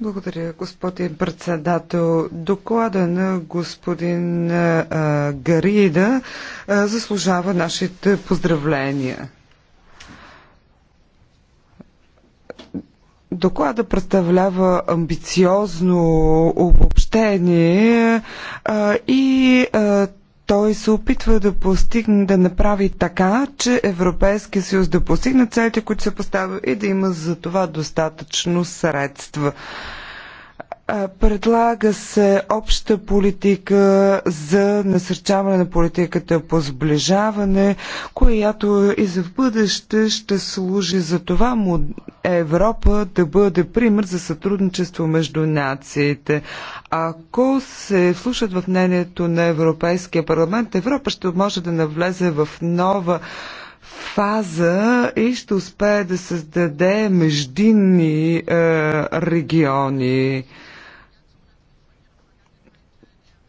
Благодаря, господин председател. Доклада на господин Гарида заслужава нашите поздравления. Доклада представлява амбициозно обобщение и а, той се опитва да постигне, да направи така, че Европейския съюз да постигне целите, които се поставя и да има за това достатъчно средства. Предлага се обща политика за насърчаване на политиката по сближаване, която и за в бъдеще ще служи за това Европа да бъде пример за сътрудничество между нациите. Ако се слушат в мнението на Европейския парламент, Европа ще може да навлезе в нова фаза и ще успее да създаде междинни е, региони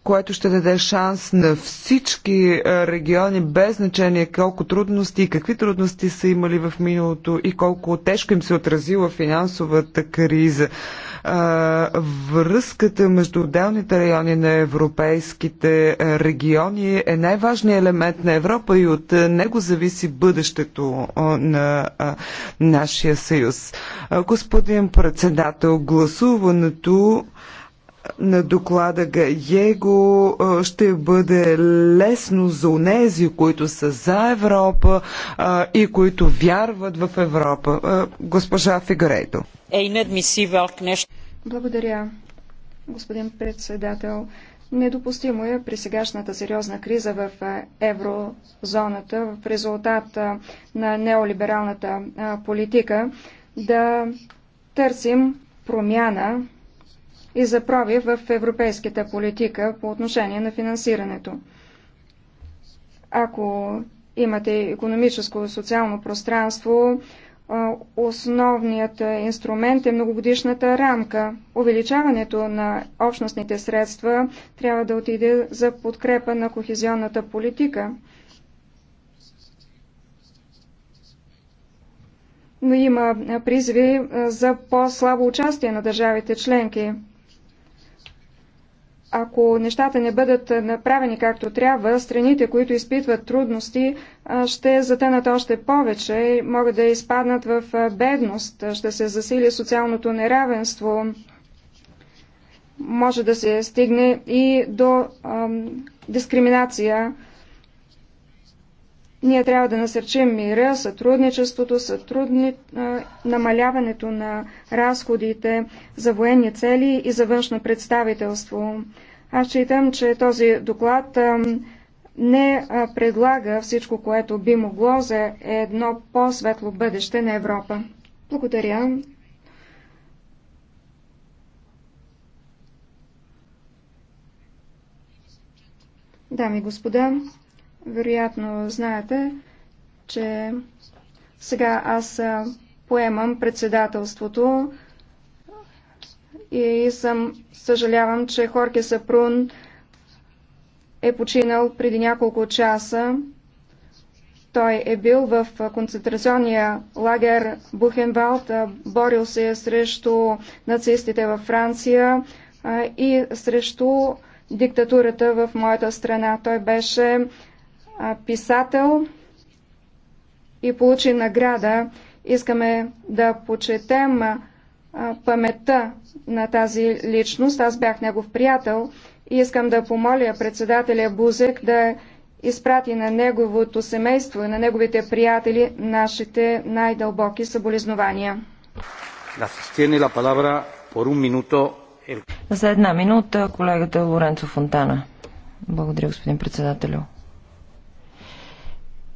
което ще даде шанс на всички е, региони, без значение колко трудности и какви трудности са имали в миналото и колко тежко им се е отразила финансовата криза. Е, връзката между отделните райони на европейските региони е най-важният елемент на Европа и от него зависи бъдещето на нашия съюз. Господин председател, гласуването на доклада Гаего ще бъде лесно за унези, които са за Европа и които вярват в Европа. Госпожа Фигарейто. Е, Благодаря, господин председател. Недопустимо е при сегашната сериозна криза в еврозоната в резултат на неолибералната политика да търсим промяна и за проби в европейската политика по отношение на финансирането. Ако имате економическо социално пространство, основният инструмент е многогодишната рамка. Увеличаването на общностните средства трябва да отиде за подкрепа на кохезионната политика. Но има призви за по-слабо участие на държавите членки ако нещата не бъдат направени както трябва, страните, които изпитват трудности, ще затънат още повече, могат да изпаднат в бедност, ще се засили социалното неравенство, може да се стигне и до дискриминация ние трябва да насърчим мира, сътрудничеството, сътрудни... намаляването на разходите за военни цели и за външно представителство. Аз считам, че този доклад не предлага всичко, което би могло за едно по-светло бъдеще на Европа. Благодаря. Дами и господа, вероятно знаете, че сега аз поемам председателството и съм съжалявам, че Хорке Сапрун е починал преди няколко часа. Той е бил в концентрационния лагер Бухенвалд, борил се срещу нацистите във Франция и срещу диктатурата в моята страна. Той беше писател и получи награда. Искаме да почетем паметта на тази личност. Аз бях негов приятел и искам да помоля председателя Бузек да изпрати на неговото семейство и на неговите приятели нашите най-дълбоки съболезнования. За една минута колегата Лоренцо Фонтана. Благодаря, господин председателю.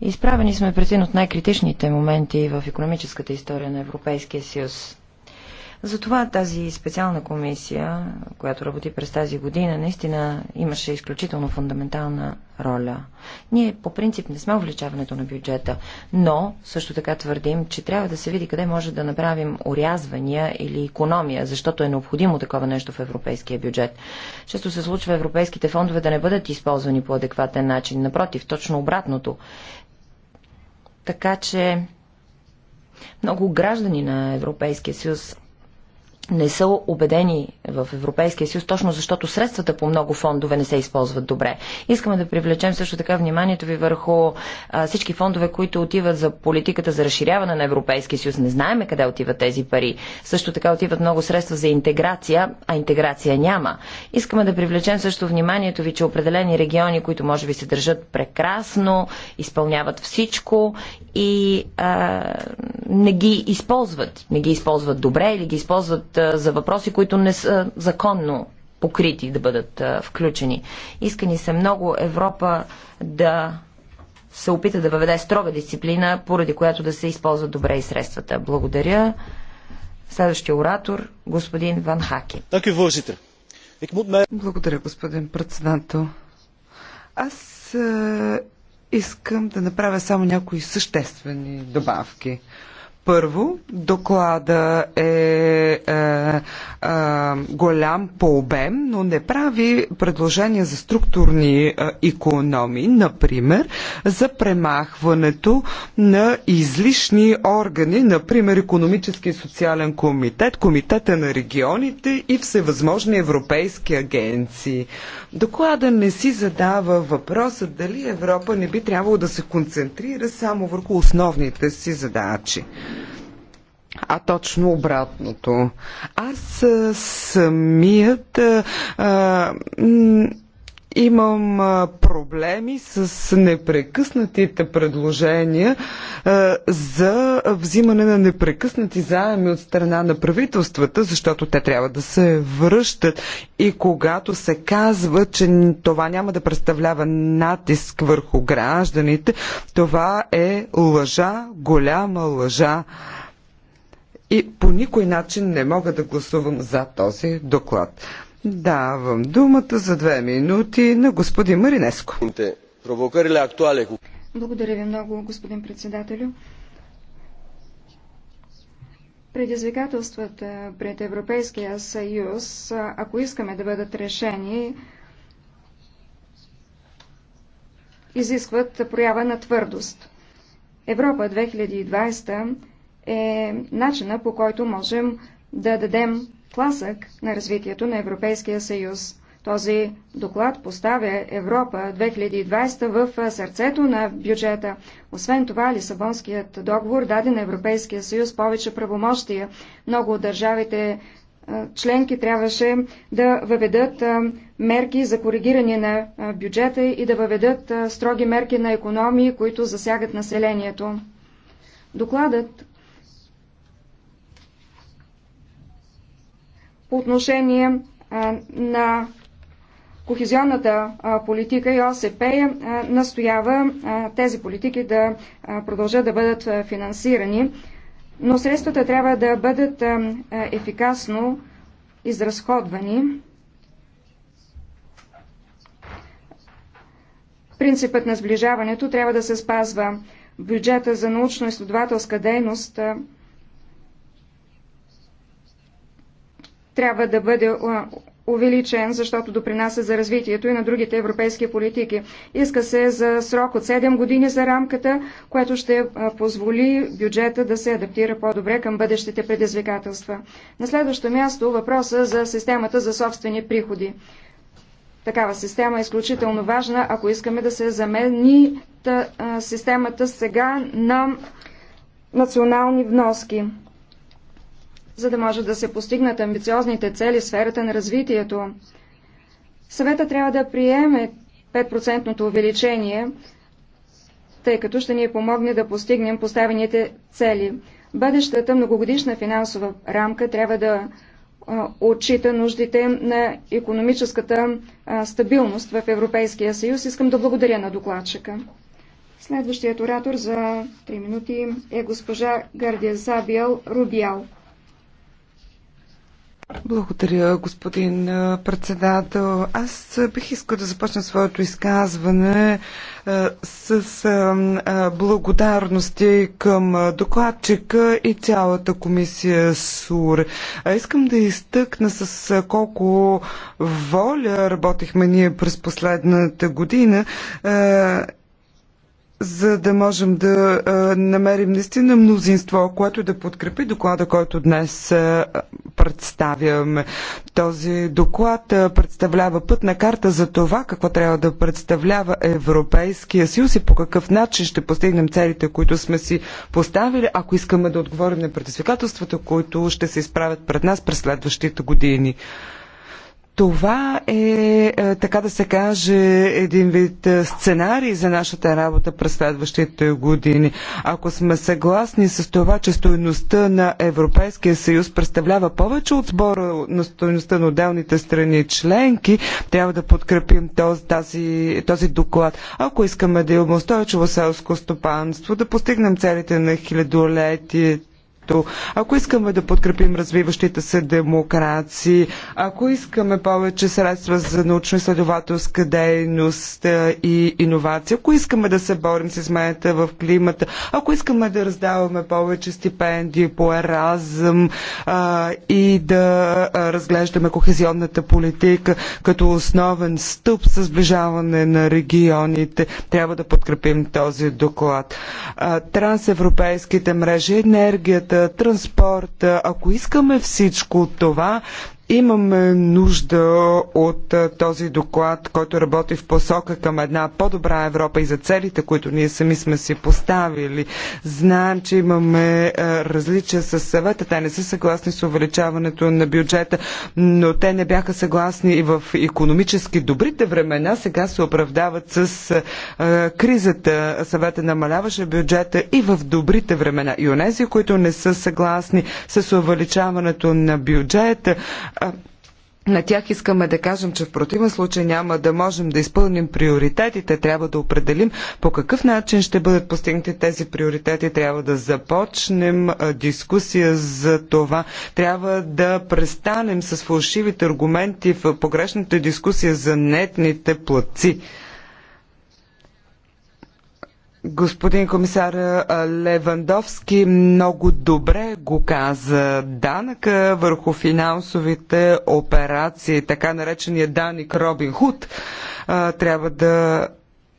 Изправени сме пред един от най-критичните моменти в економическата история на Европейския съюз. Затова тази специална комисия, която работи през тази година, наистина имаше изключително фундаментална роля. Ние по принцип не сме увлечаването на бюджета, но също така твърдим, че трябва да се види къде може да направим орязвания или економия, защото е необходимо такова нещо в европейския бюджет. Често се случва европейските фондове да не бъдат използвани по адекватен начин. Напротив, точно обратното. Така че много граждани на Европейския съюз не са убедени в Европейския съюз, точно защото средствата по много фондове не се използват добре. Искаме да привлечем също така вниманието ви върху а, всички фондове, които отиват за политиката за разширяване на Европейския съюз. Не знаеме къде отиват тези пари. Също така отиват много средства за интеграция, а интеграция няма. Искаме да привлечем също вниманието ви, че определени региони, които може би се държат прекрасно, изпълняват всичко и а, не ги използват. Не ги използват добре или ги използват за въпроси, които не са законно покрити да бъдат включени. Искани се много Европа да се опита да въведе строга дисциплина, поради която да се използват добре и средствата. Благодаря. Следващия оратор, господин Ван Хаки. Благодаря, господин председател. Аз е, искам да направя само някои съществени добавки. Първо, доклада е, е, е голям по обем, но не прави предложения за структурни е, економии, например, за премахването на излишни органи, например, економически и социален комитет, комитета на регионите и всевъзможни европейски агенции. Доклада не си задава въпроса дали Европа не би трябвало да се концентрира само върху основните си задачи а точно обратното. Аз самият а, имам проблеми с непрекъснатите предложения за взимане на непрекъснати заеми от страна на правителствата, защото те трябва да се връщат. И когато се казва, че това няма да представлява натиск върху гражданите, това е лъжа, голяма лъжа и по никой начин не мога да гласувам за този доклад. Давам думата за две минути на господин Маринеско. Благодаря ви много, господин председателю. Предизвикателствата пред Европейския съюз, ако искаме да бъдат решени, изискват проява на твърдост. Европа 2020 е начина по който можем да дадем тласък на развитието на Европейския съюз. Този доклад поставя Европа 2020 в сърцето на бюджета. Освен това, Лисабонският договор даде на Европейския съюз повече правомощия. Много от държавите членки трябваше да въведат мерки за коригиране на бюджета и да въведат строги мерки на економии, които засягат населението. Докладът по отношение на Кохезионната политика и ОСП настоява тези политики да продължат да бъдат финансирани, но средствата трябва да бъдат ефикасно изразходвани. Принципът на сближаването трябва да се спазва. Бюджета за научно-изследователска дейност трябва да бъде увеличен, защото допринася за развитието и на другите европейски политики. Иска се за срок от 7 години за рамката, което ще позволи бюджета да се адаптира по-добре към бъдещите предизвикателства. На следващо място въпроса за системата за собствени приходи. Такава система е изключително важна, ако искаме да се замени системата сега на национални вноски за да може да се постигнат амбициозните цели в сферата на развитието. Съвета трябва да приеме 5% увеличение, тъй като ще ни помогне да постигнем поставените цели. Бъдещата многогодишна финансова рамка трябва да отчита нуждите на економическата стабилност в Европейския съюз. Искам да благодаря на докладчика. Следващият оратор за 3 минути е госпожа Гардия Забиел Рубиал. Благодаря, господин председател. Аз бих искал да започна своето изказване с благодарности към докладчика и цялата комисия СУР. Искам да изтъкна с колко воля работихме ние през последната година за да можем да намерим наистина мнозинство, което да подкрепи доклада, който днес представяме. Този доклад представлява пътна карта за това, какво трябва да представлява Европейския съюз и по какъв начин ще постигнем целите, които сме си поставили, ако искаме да отговорим на предизвикателствата, които ще се изправят пред нас през следващите години. Това е, е, така да се каже, един вид е, сценарий за нашата работа през следващите години. Ако сме съгласни с това, че стоеността на Европейския съюз представлява повече от сбора на стоеността на отделните страни членки, трябва да подкрепим този, тази, този доклад. Ако искаме да имаме устойчиво селско стопанство, да постигнем целите на хилядолетието, развитието, ако искаме да подкрепим развиващите се демокрации, ако искаме повече средства за научно-изследователска дейност и иновация, ако искаме да се борим с измените в климата, ако искаме да раздаваме повече стипендии по еразъм а, и да разглеждаме кохезионната политика като основен стъп за сближаване на регионите, трябва да подкрепим този доклад. трансевропейските мрежи, енергията, Транспорт, транспорта, ако искаме всичко това, Имаме нужда от този доклад, който работи в посока към една по-добра Европа и за целите, които ние сами сме си поставили. Знаем, че имаме различия с съвета. Те не са съгласни с увеличаването на бюджета, но те не бяха съгласни и в економически добрите времена. Сега се оправдават с кризата. Съвета намаляваше бюджета и в добрите времена. И онези, които не са съгласни с увеличаването на бюджета, на тях искаме да кажем, че в противен случай няма да можем да изпълним приоритетите. Трябва да определим по какъв начин ще бъдат постигнати тези приоритети. Трябва да започнем дискусия за това. Трябва да престанем с фалшивите аргументи в погрешната дискусия за нетните платци. Господин комисар Левандовски много добре го каза. Данъка върху финансовите операции, така наречения даник Робин Худ, трябва да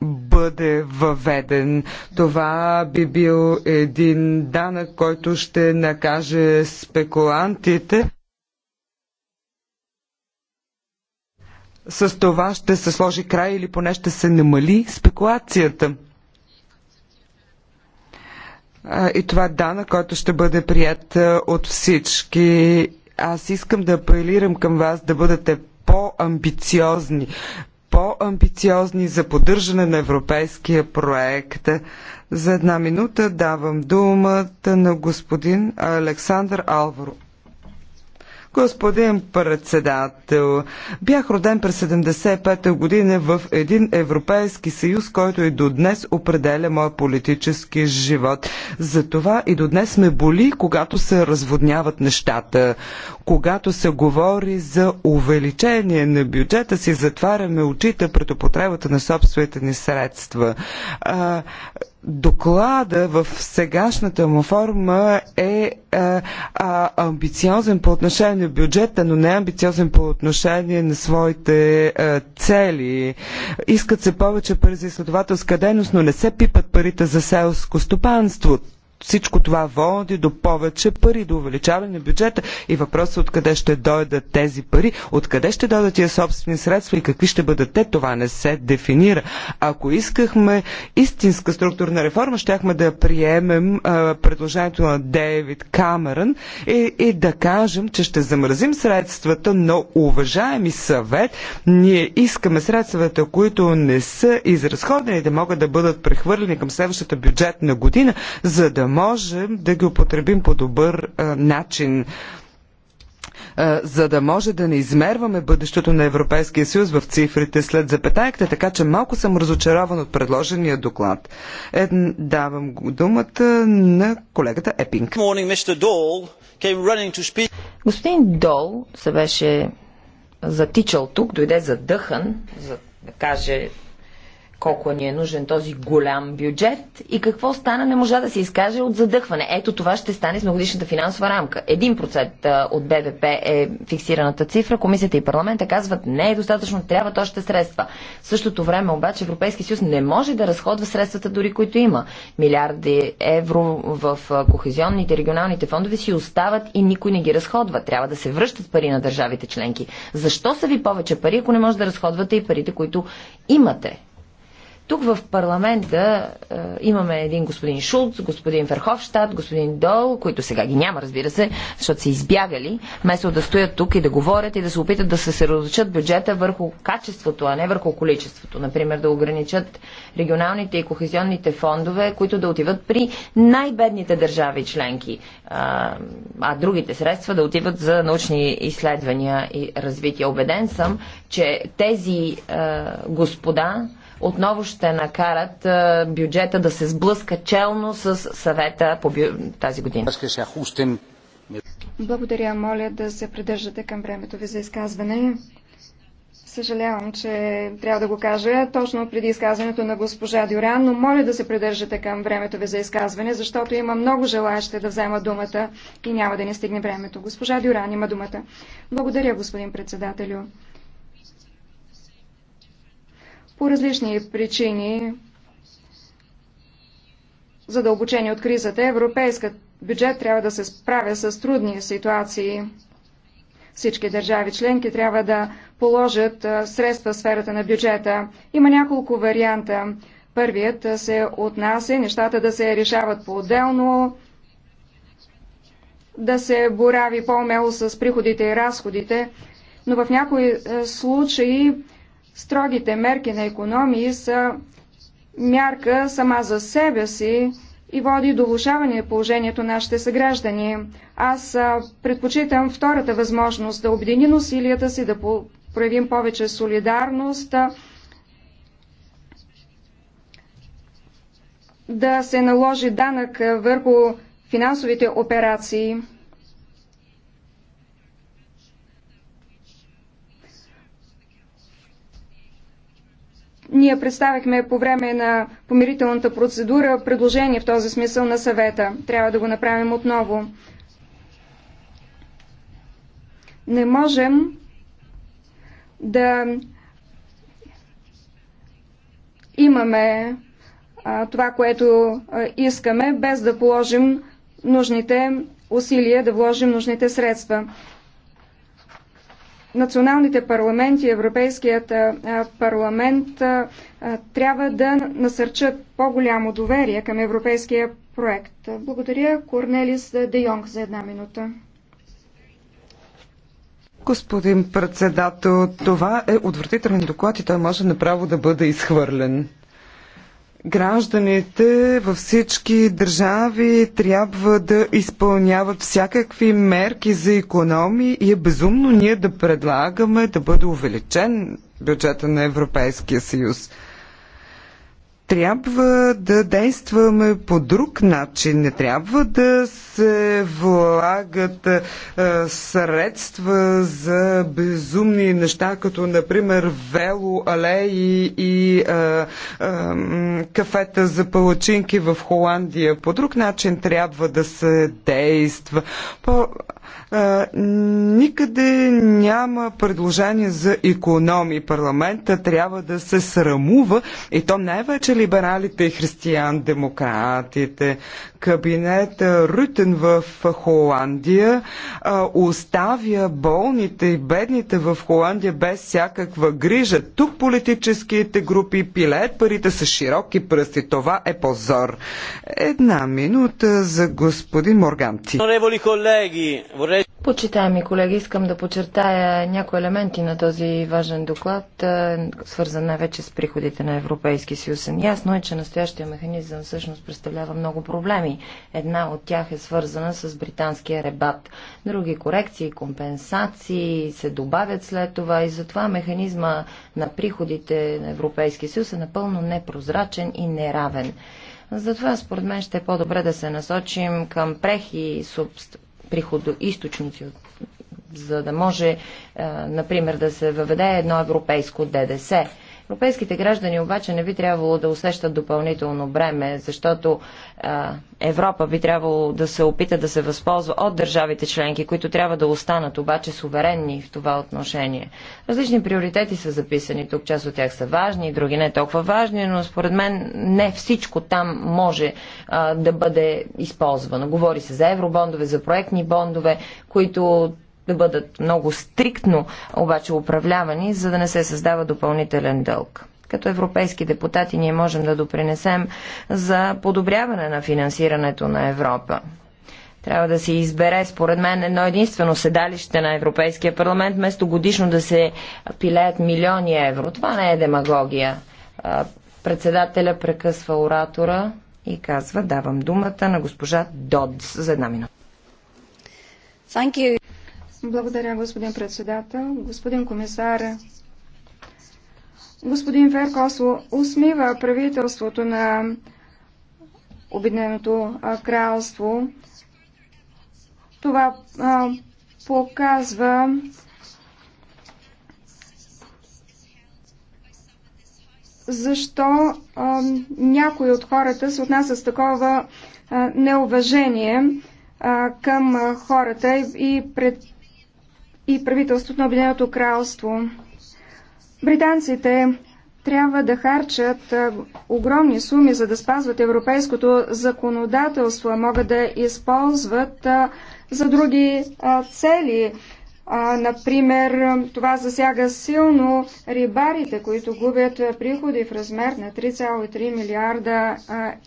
бъде въведен. Това би бил един данък, който ще накаже спекулантите. С това ще се сложи край или поне ще се намали спекулацията и това дана, който ще бъде прият от всички. Аз искам да апелирам към вас да бъдете по-амбициозни, по-амбициозни за поддържане на европейския проект. За една минута давам думата на господин Александър Алваро. Господин председател, бях роден през 75-та година в един Европейски съюз, който и до днес определя моя политически живот. Затова и до днес ме боли, когато се разводняват нещата. Когато се говори за увеличение на бюджета си, затваряме очите пред употребата на собствените ни средства доклада в сегашната му форма е а, е, а, амбициозен по отношение на бюджета, но не амбициозен по отношение на своите а, е, цели. Искат се повече пари за изследователска дейност, но не се пипат парите за селско стопанство всичко това води до повече пари, до увеличаване на бюджета и въпросът е откъде ще дойдат тези пари, откъде ще дойдат тия собствени средства и какви ще бъдат те, това не се дефинира. Ако искахме истинска структурна реформа, щяхме да приемем а, предложението на Дейвид Камерън и, и да кажем, че ще замразим средствата, но уважаеми съвет, ние искаме средствата, които не са изразходени, да могат да бъдат прехвърлени към следващата бюджетна година, за да можем да ги употребим по добър начин за да може да не измерваме бъдещето на Европейския съюз в цифрите след запетайката, така че малко съм разочарован от предложения доклад. Е, давам думата на колегата Епинг. Господин Дол се беше затичал тук, дойде задъхан, за да каже колко ни е нужен този голям бюджет и какво стана, не можа да се изкаже от задъхване. Ето това ще стане с многодишната финансова рамка. 1% от БВП е фиксираната цифра. Комисията и парламента казват не е достатъчно, трябват още средства. В същото време обаче Европейски съюз не може да разходва средствата дори които има. Милиарди евро в кохезионните регионалните фондове си остават и никой не ги разходва. Трябва да се връщат пари на държавите членки. Защо са ви повече пари, ако не може да разходвате и парите, които имате? Тук в парламента е, имаме един господин Шулц, господин Верховщад, господин Дол, които сега ги няма, разбира се, защото са избягали, вместо да стоят тук и да говорят и да се опитат да се съсредоточат бюджета върху качеството, а не върху количеството. Например, да ограничат регионалните и кохезионните фондове, които да отиват при най-бедните държави членки, а, а другите средства да отиват за научни изследвания и развитие. Обеден съм, че тези а, господа, отново ще накарат бюджета да се сблъска челно с съвета по бю... тази година. Благодаря. Моля да се придържате към времето ви за изказване. Съжалявам, че трябва да го кажа точно преди изказването на госпожа Дюран, но моля да се придържате към времето ви за изказване, защото има много желаящи да взема думата и няма да ни стигне времето. Госпожа Дюран има думата. Благодаря, господин председателю. По различни причини, задълбочени от кризата, европейският бюджет трябва да се справя с трудни ситуации. Всички държави членки трябва да положат средства в сферата на бюджета. Има няколко варианта. Първият се отнася нещата да се решават по-отделно, да се борави по-умело с приходите и разходите, но в някои случаи Строгите мерки на економии са мярка сама за себе си и води до влушаване на положението на нашите съграждани. Аз предпочитам втората възможност да обединим усилията си, да проявим повече солидарност, да се наложи данък върху финансовите операции. Ние представихме по време на помирителната процедура предложение в този смисъл на съвета. Трябва да го направим отново. Не можем да имаме а, това, което а, искаме, без да положим нужните усилия, да вложим нужните средства националните парламенти и Европейският парламент трябва да насърчат по-голямо доверие към европейския проект. Благодаря Корнелис Де Йонг за една минута. Господин председател, това е отвратителен доклад и той може направо да бъде изхвърлен гражданите във всички държави трябва да изпълняват всякакви мерки за економии и е безумно ние да предлагаме да бъде увеличен бюджета на Европейския съюз трябва да действаме по друг начин. Не трябва да се влагат е, средства за безумни неща, като например велоалеи и е, е, кафета за палачинки в Холандия. По друг начин трябва да се действа. По е, никъде няма предложение за економи. Парламента трябва да се срамува и то най-вече либералите и християн-демократите. Кабинет Рютен в Холандия е, оставя болните и бедните в Холандия без всякаква грижа. Тук политическите групи пилеят парите с широки пръсти. Това е позор. Една минута за господин Морганти. Колеги, Почитаеми колеги, искам да подчертая някои елементи на този важен доклад, е, свързан най-вече с приходите на Европейски съюз. Ясно е, че настоящия механизъм всъщност представлява много проблеми. Една от тях е свързана с британския ребат. Други корекции, компенсации се добавят след това и затова механизма на приходите на Европейски съюз е напълно непрозрачен и неравен. Затова според мен ще е по-добре да се насочим към прехи субст приходоисточници, за да може, например, да се въведе едно европейско ДДС. Европейските граждани обаче не би трябвало да усещат допълнително бреме, защото а, Европа би трябвало да се опита да се възползва от държавите членки, които трябва да останат обаче суверенни в това отношение. Различни приоритети са записани тук, част от тях са важни, други не толкова важни, но според мен не всичко там може а, да бъде използвано. Говори се за евробондове, за проектни бондове, които да бъдат много стриктно обаче управлявани, за да не се създава допълнителен дълг. Като европейски депутати ние можем да допринесем за подобряване на финансирането на Европа. Трябва да се избере, според мен, едно единствено седалище на Европейския парламент, вместо годишно да се пилеят милиони евро. Това не е демагогия. Председателя прекъсва оратора и казва, давам думата на госпожа Додс за една минута. Благодаря, господин председател. Господин комисар, господин Феркосло, усмива правителството на Обединеното кралство. Това а, показва защо а, някои от хората се отнасят с такова а, неуважение а, към а, хората и, и пред и правителството на Обединеното кралство. Британците трябва да харчат огромни суми, за да спазват европейското законодателство, могат да използват за други цели. Например, това засяга силно рибарите, които губят приходи в размер на 3,3 милиарда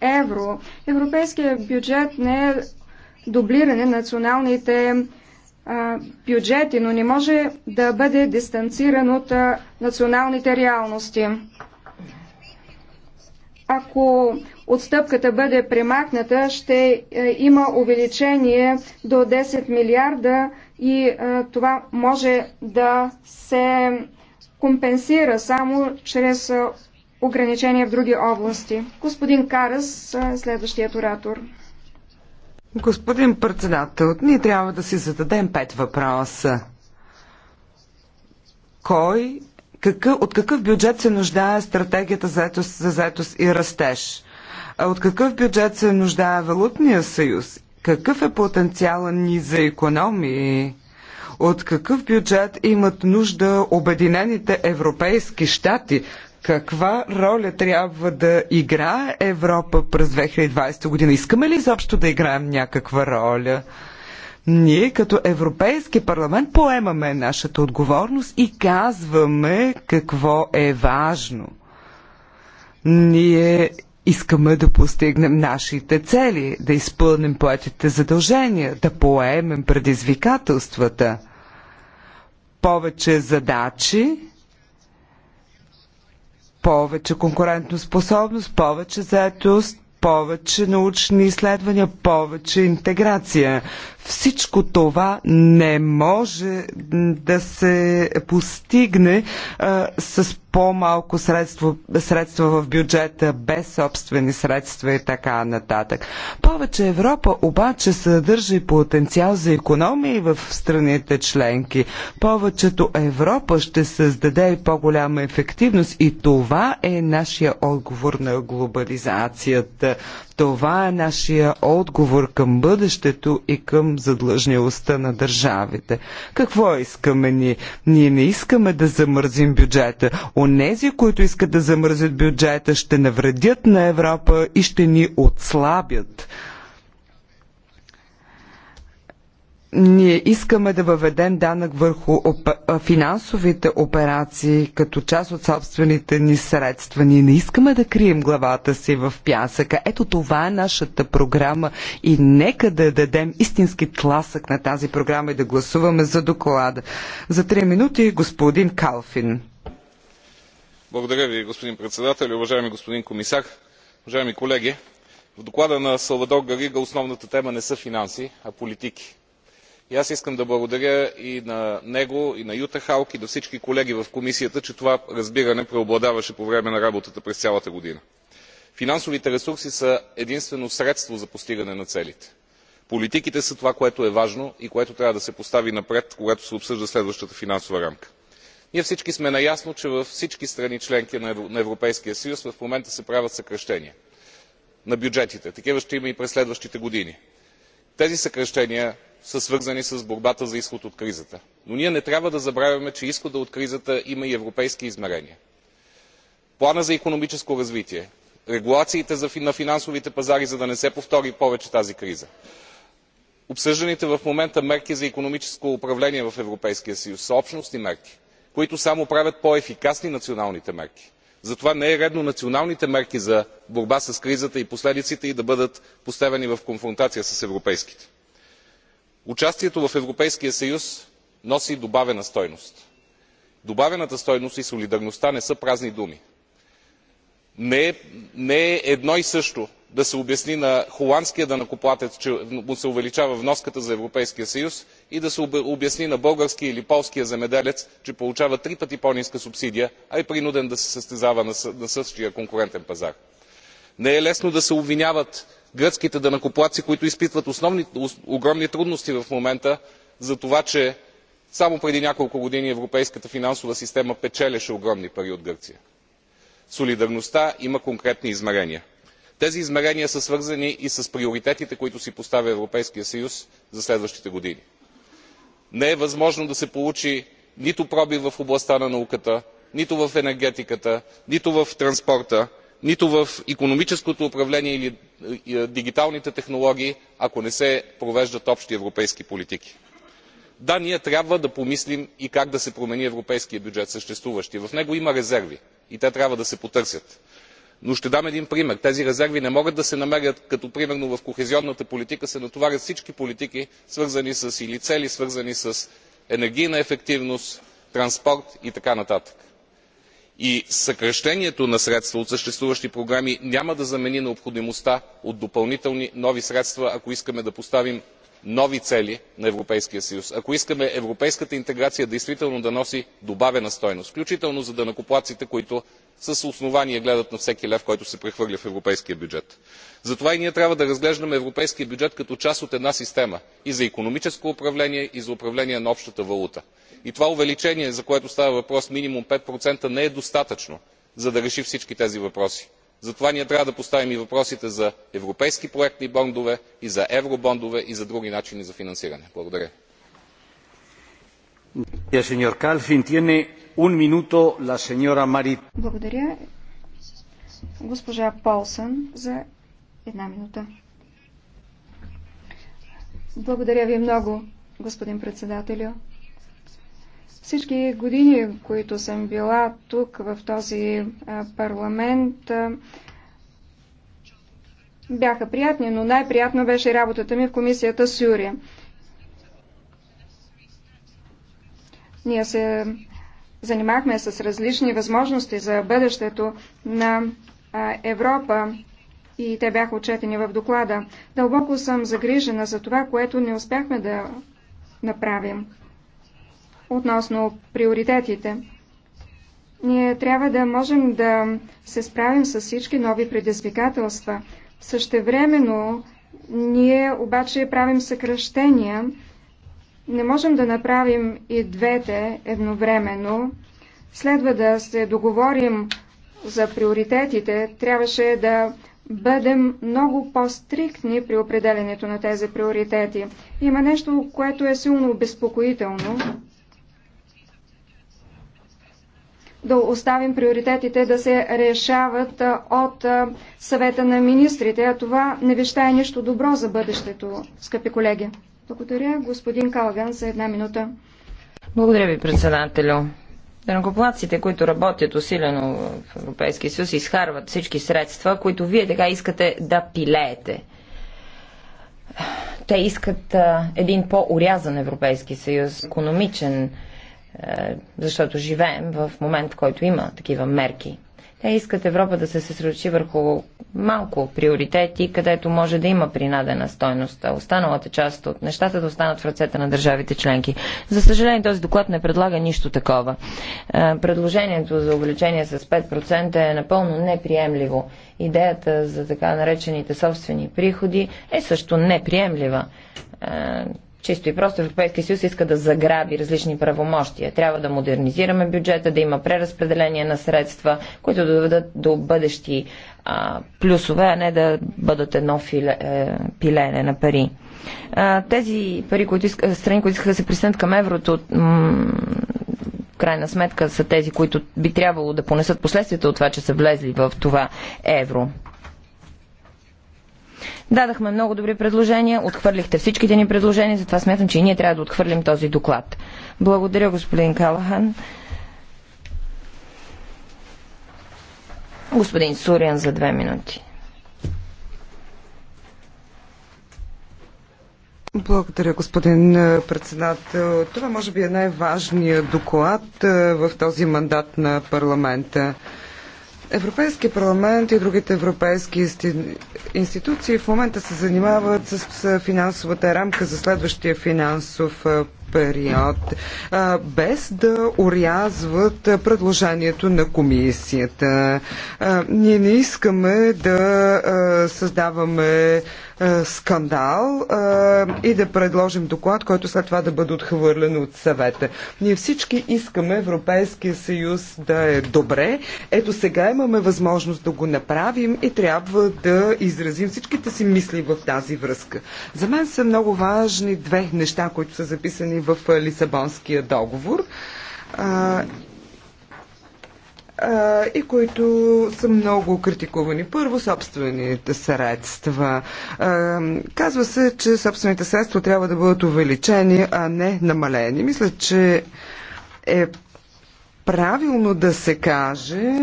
евро. Европейският бюджет не е дублиране на националните бюджети, но не може да бъде дистанциран от националните реалности. Ако отстъпката бъде премахната, ще има увеличение до 10 милиарда и това може да се компенсира само чрез ограничения в други области. Господин Карас, следващият оратор. Господин председател, ние трябва да си зададем пет въпроса. Кой, какъв, от какъв бюджет се нуждае стратегията за заетост, за заетост и растеж? От какъв бюджет се нуждае валутния съюз? Какъв е потенциала ни за економии? От какъв бюджет имат нужда Обединените европейски щати? Каква роля трябва да играе Европа през 2020 година? Искаме ли изобщо да играем някаква роля? Ние като Европейски парламент поемаме нашата отговорност и казваме какво е важно. Ние искаме да постигнем нашите цели, да изпълним поетите задължения, да поемем предизвикателствата. Повече задачи повече конкурентоспособност, повече заетост, повече научни изследвания, повече интеграция. Всичко това не може да се постигне а, с по-малко средства, средства в бюджета, без собствени средства и така нататък. Повече Европа обаче съдържа и потенциал за економии в страните членки. Повечето Европа ще създаде и по-голяма ефективност и това е нашия отговор на глобализацията. Това е нашия отговор към бъдещето и към задлъжнялостта на държавите. Какво искаме ние? Ние не искаме да замързим бюджета. Онези, които искат да замързят бюджета, ще навредят на Европа и ще ни отслабят. ние искаме да въведем данък върху финансовите операции като част от собствените ни средства. Ние не искаме да крием главата си в пясъка. Ето това е нашата програма и нека да дадем истински тласък на тази програма и да гласуваме за доклада. За три минути господин Калфин. Благодаря ви, господин председател, уважаеми господин комисар, уважаеми колеги. В доклада на Салвадор Гарига основната тема не са финанси, а политики и аз искам да благодаря и на него и на юта халк и на всички колеги в комисията че това разбиране преобладаваше по време на работата през цялата година. финансовите ресурси са единствено средство за постигане на целите. политиките са това което е важно и което трябва да се постави напред когато се обсъжда следващата финансова рамка. ние всички сме наясно че във всички страни членки на европейския съюз в момента се правят съкращения на бюджетите. такива ще има и през следващите години. тези съкращения са свързани с борбата за изход от кризата. но ние не трябва да забравяме че изходът от кризата има и европейски измерения. планът за икономическо развитие регулациите на финансовите пазари за да не се повтори повече тази криза обсъжданите в момента мерки за икономическо управление в европейския съюз са общностни мерки които само правят по ефикасни националните мерки. затова не е редно националните мерки за борба с кризата и последиците й да бъдат поставени в конфронтация с европейските участието в европейския съюз носи добавена стойност. добавената стойност и солидарността не са празни думи. Е, не е едно и също да се обясни на холандския данъкоплатец че му се увеличава вноската за европейския съюз и да се обясни на българския или полския земеделец че получава три пъти по ниска субсидия а е принуден да се състезава на същия конкурентен пазар. не е лесно да се обвиняват гръцките данъкоплатци които изпитват огромни трудности в момента за това че само преди няколко години европейската финансова система печелеше огромни пари от гърция. солидарността има конкретни измерения. тези измерения са свързани и с приоритетите които си поставя европейският съюз за следващите години. не е възможно да се получи нито пробив в областта на науката нито в енергетиката нито в транспорта нито в икономическото управление или е, е, дигиталните технологии ако не се провеждат общи европейски политики. да ние трябва да помислим и как да се промени съществуващият европейски бюджет. в него има резерви и те трябва да се потърсят. но ще дам един пример. тези резерви не могат да се намерят като примерно в кохезионната политика се натоварят всички политики или цели свързани с енергийна ефективност транспорт и така нататък и съкращението на средства от съществуващи програми няма да замени необходимостта от допълнителни нови средства ако искаме да поставим нови цели на европейския съюз ако искаме европейската интеграция действително да носи добавена стойност включително за данъкоплатците които с основание гледат на всеки лев който се прехвърля в европейския бюджет. затова и ние трябва да разглеждаме европейския бюджет като част от една система и за икономическо управление и за управление на общата валута. и това увеличение за което става въпрос минимум пет процента, не е достатъчно за да реши всички тези въпроси затова ние трябва да поставим и въпросите за европейски проектни бондове и за евробондове и за други начини за финансиране. благодаря. Е, благодаря. Госпожа Полсън за една минута. Благодаря ви много, господин председателю. Всички години, които съм била тук в този парламент, бяха приятни, но най-приятна беше работата ми в комисията Сюрия. Ние се занимахме с различни възможности за бъдещето на Европа и те бяха отчетени в доклада. Дълбоко съм загрижена за това, което не успяхме да направим относно приоритетите. Ние трябва да можем да се справим с всички нови предизвикателства. Същевременно ние обаче правим съкръщения. Не можем да направим и двете едновременно. Следва да се договорим за приоритетите. Трябваше да бъдем много по-стриктни при определенето на тези приоритети. Има нещо, което е силно обезпокоително. да оставим приоритетите да се решават от съвета на министрите, а това не вещае нищо добро за бъдещето, скъпи колеги. Благодаря, господин Калган, за една минута. Благодаря ви, председателю. Денокоплаците, които работят усилено в Европейския съюз, изхарват всички средства, които вие така искате да пилеете. Те искат един по-урязан Европейски съюз, економичен, е, защото живеем в момент, в който има такива мерки. Те искат Европа да се съсредоточи върху малко приоритети, където може да има принадена стойност, останалата част от нещата да останат в ръцете на държавите членки. За съжаление, този доклад не предлага нищо такова. Е, предложението за увеличение с 5% е напълно неприемливо. Идеята за така наречените собствени приходи е също неприемлива е, Чисто и просто Европейския съюз иска да заграби различни правомощия. Трябва да модернизираме бюджета, да има преразпределение на средства, които да доведат до бъдещи а, плюсове, а не да бъдат едно филе, е, пилене на пари. А, тези пари, които иска, страни, които искат да се присънят към еврото, крайна сметка са тези, които би трябвало да понесат последствията от това, че са влезли в това евро. Дадахме много добри предложения, отхвърлихте всичките ни предложения, затова смятам, че и ние трябва да отхвърлим този доклад. Благодаря, господин Калахан. Господин Суриан за две минути. Благодаря, господин е, председател. Това може би е най-важният доклад е, в този мандат на парламента. Европейския парламент и другите европейски институции в момента се занимават с финансовата рамка за следващия финансов период, без да урязват предложението на комисията. Ние не искаме да създаваме е, скандал е, и да предложим доклад, който след това да бъде отхвърлен от съвета. Ние всички искаме Европейския съюз да е добре. Ето сега имаме възможност да го направим и трябва да изразим всичките си мисли в тази връзка. За мен са много важни две неща, които са записани в е, Лисабонския договор а, и които са много критикувани. Първо, собствените средства. А, казва се, че собствените средства трябва да бъдат увеличени, а не намалени. Мисля, че е правилно да се каже,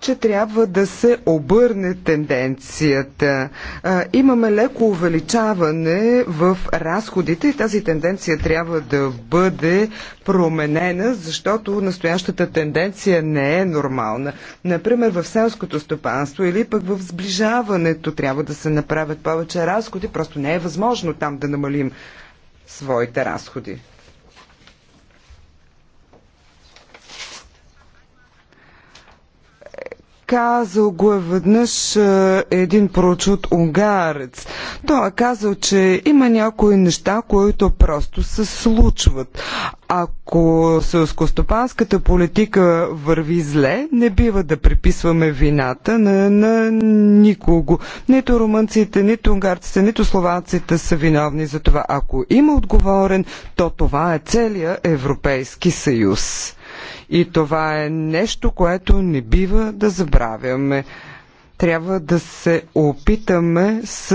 че трябва да се обърне тенденцията. Имаме леко увеличаване в разходите и тази тенденция трябва да бъде променена, защото настоящата тенденция не е нормална. Например, в селското стопанство или пък в сближаването трябва да се направят повече разходи, просто не е възможно там да намалим своите разходи. Казал го е веднъж е, един прочут унгарец. Той е казал, че има някои неща, които просто се случват. Ако селскостопанската политика върви зле, не бива да приписваме вината на, на никого. Нито румънците, нито унгарците, нито словаците са виновни за това. Ако има отговорен, то това е целият Европейски съюз. И това е нещо, което не бива да забравяме трябва да се опитаме с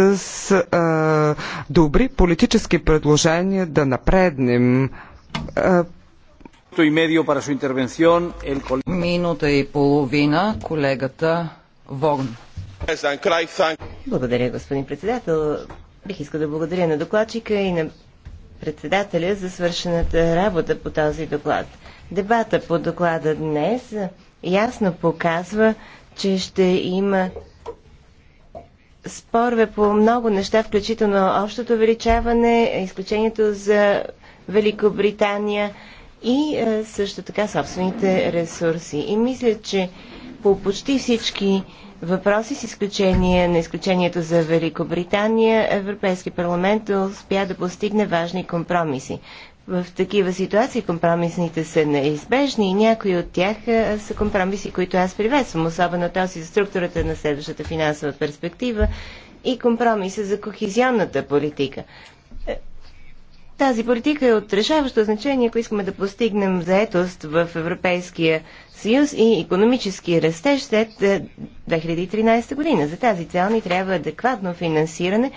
а, добри политически предложения да напреднем. А... Минута и половина, колегата Вогн. Благодаря, господин председател. Бих искал да благодаря на докладчика и на председателя за свършената работа по този доклад. Дебата по доклада днес ясно показва, че ще има спорве по много неща, включително общото увеличаване, изключението за Великобритания и е, също така собствените ресурси. И мисля, че по почти всички въпроси, с изключение на изключението за Великобритания, Европейски парламент успя да постигне важни компромиси. В такива ситуации компромисните са неизбежни и някои от тях са компромиси, които аз приветствам, особено този за структурата на следващата финансова перспектива и компромиса за кохезионната политика. Е, тази политика е от решаващо значение, ако искаме да постигнем заетост в Европейския съюз и економически растеж след 2013 е, година. За тази цел ни трябва адекватно финансиране,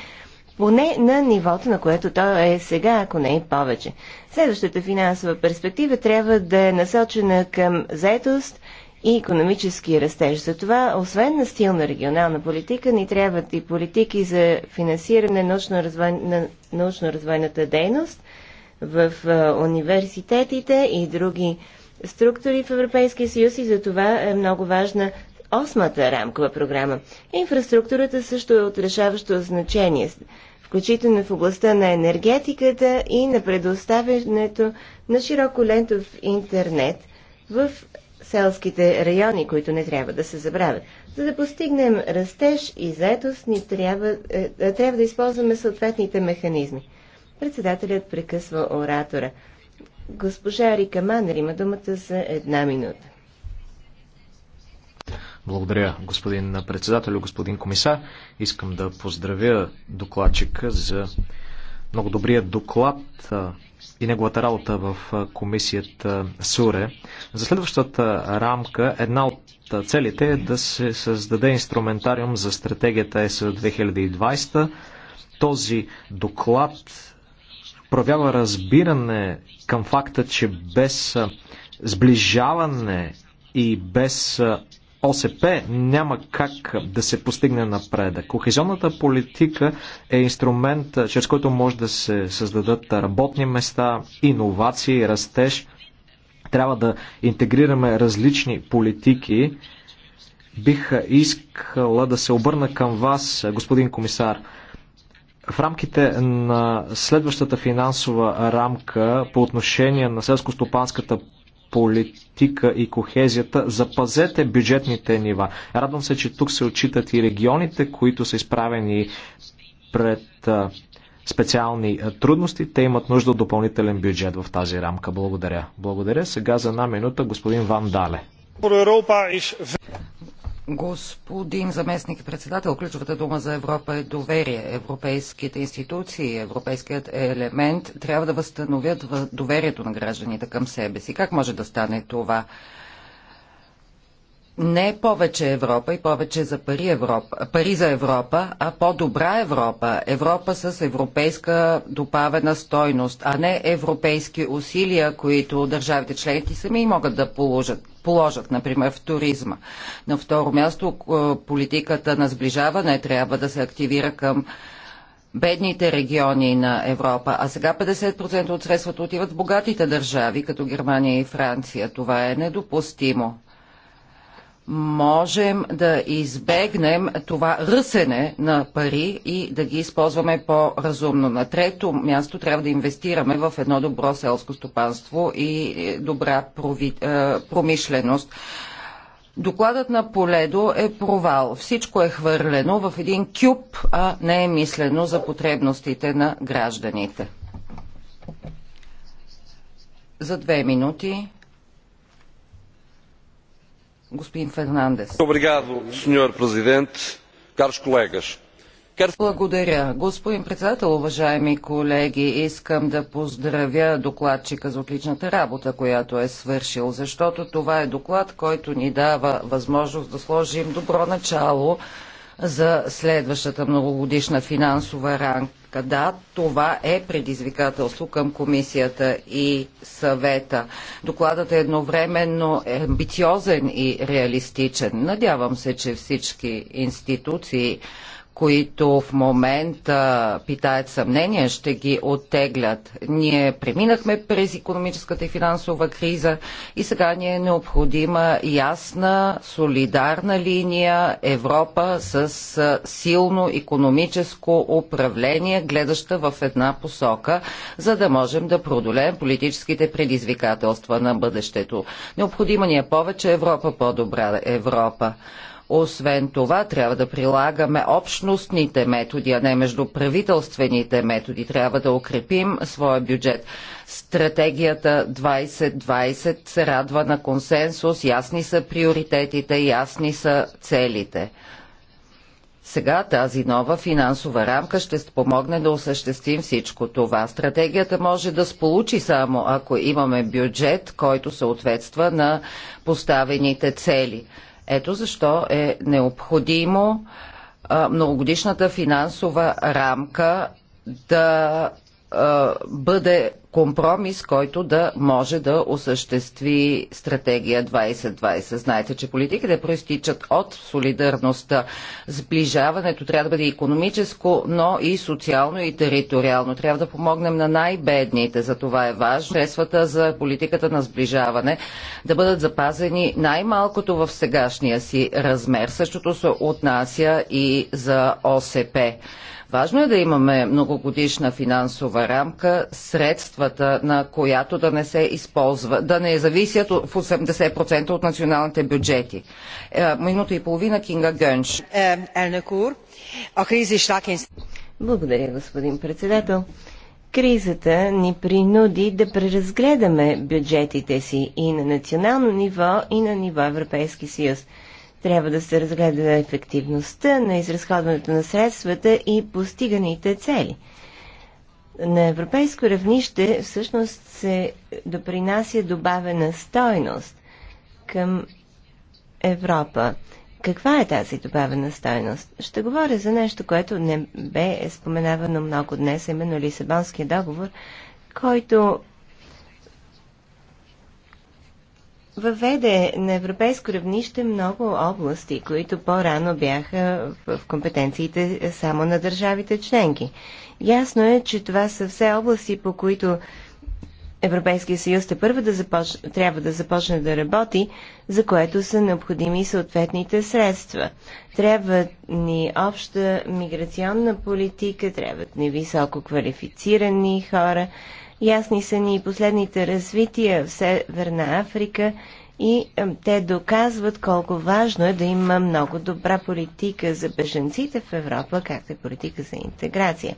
поне на нивото, на което то е сега, ако не и е повече. Следващата финансова перспектива трябва да е насочена към заетост и економически растеж. Затова, освен на стил на регионална политика, ни трябват и политики за финансиране на научно-развойната научно дейност в университетите и други структури в Европейския съюз и за това е много важна осмата рамкова програма. Инфраструктурата също е от решаващо значение, включително в областта на енергетиката и на предоставянето на широко лентов интернет в селските райони, които не трябва да се забравят. За да постигнем растеж и заетост, ни трябва, е, е трябва да използваме съответните механизми. Председателят прекъсва оратора. Госпожа Рика Манер има думата за една минута. Благодаря, господин председател, господин комисар. Искам да поздравя докладчика за много добрия доклад и неговата работа в комисията СУРЕ. За следващата рамка една от целите е да се създаде инструментариум за стратегията ЕС 2020. Този доклад проявява разбиране към факта, че без сближаване и без ОСП няма как да се постигне напредък. Кохезионната политика е инструмент, чрез който може да се създадат работни места, иновации, растеж. Трябва да интегрираме различни политики. Бих искала да се обърна към вас, господин комисар. В рамките на следващата финансова рамка по отношение на селско-стопанската политика и кохезията, запазете бюджетните нива. Радвам се, че тук се отчитат и регионите, които са изправени пред специални трудности. Те имат нужда от допълнителен бюджет в тази рамка. Благодаря. Благодаря. Сега за една минута господин Ван Дале. Господин заместник председател, ключовата дума за Европа е доверие. Европейските институции, европейският елемент трябва да възстановят доверието на гражданите към себе си. Как може да стане това? не повече Европа и повече за пари, Европа, пари за Европа, а по-добра Европа. Европа с европейска добавена стойност, а не европейски усилия, които държавите членки сами могат да положат разположат, например в туризма. На второ място е, политиката на сближаване трябва да се активира към бедните региони на Европа, а сега 50% от средствата отиват в богатите държави, като Германия и Франция. Това е недопустимо можем да избегнем това ръсене на пари и да ги използваме по-разумно. На трето място трябва да инвестираме в едно добро селско стопанство и е, добра прови... Е, промишленост. Докладът на Поледо е провал. Всичко е хвърлено в един кюб, а не е мислено за потребностите на гражданите. За две минути господин Фернандес. Благодаря. Господин председател, уважаеми колеги, искам да поздравя докладчика за отличната работа, която е свършил, защото това е доклад, който ни дава възможност да сложим добро начало за следващата многогодишна финансова рамка точка. Да, това е предизвикателство към комисията и съвета. Докладът е едновременно амбициозен и реалистичен. Надявам се, че всички институции които в момента питаят съмнение, ще ги оттеглят. Ние преминахме през економическата и финансова криза и сега ни е необходима ясна, солидарна линия Европа с силно економическо управление, гледаща в една посока, за да можем да продолеем политическите предизвикателства на бъдещето. Необходима ни е повече Европа, по-добра Европа. Освен това, трябва да прилагаме общностните методи, а не между правителствените методи. Трябва да укрепим своя бюджет. Стратегията 2020 се радва на консенсус, ясни са приоритетите, ясни са целите. Сега тази нова финансова рамка ще помогне да осъществим всичко това. Стратегията може да сполучи само ако имаме бюджет, който съответства на поставените цели. Ето защо е необходимо многогодишната финансова рамка да е, бъде компромис, който да може да осъществи стратегия 2020. Знаете, че политиките проистичат от солидарността. Сближаването трябва да бъде економическо, но и социално и териториално. Трябва да помогнем на най-бедните. За това е важно средствата за политиката на сближаване да бъдат запазени най-малкото в сегашния си размер. Същото се отнася и за ОСП. Важно е да имаме многогодишна финансова рамка, средствата на която да не се използва, да не зависят в 80% от националните бюджети. Е, минута и половина Кинга Гънш. Е, Благодаря, господин председател. Кризата ни принуди да преразгледаме бюджетите си и на национално ниво, и на ниво Европейски съюз. Трябва да се разгледа ефективността на изразходването на средствата и постиганите цели. На европейско равнище всъщност се допринася добавена стойност към Европа. Каква е тази добавена стойност? Ще говоря за нещо, което не бе споменавано много днес, именно Лисабонския договор, който въведе на европейско равнище много области, които по-рано бяха в компетенциите само на държавите членки. Ясно е, че това са все области, по които Европейския съюз те първо да започ... трябва да започне да работи, за което са необходими съответните средства. Трябва ни обща миграционна политика, трябват ни високо квалифицирани хора, Ясни са ни и последните развития в Северна Африка и е, те доказват колко важно е да има много добра политика за беженците в Европа, както и политика за интеграция.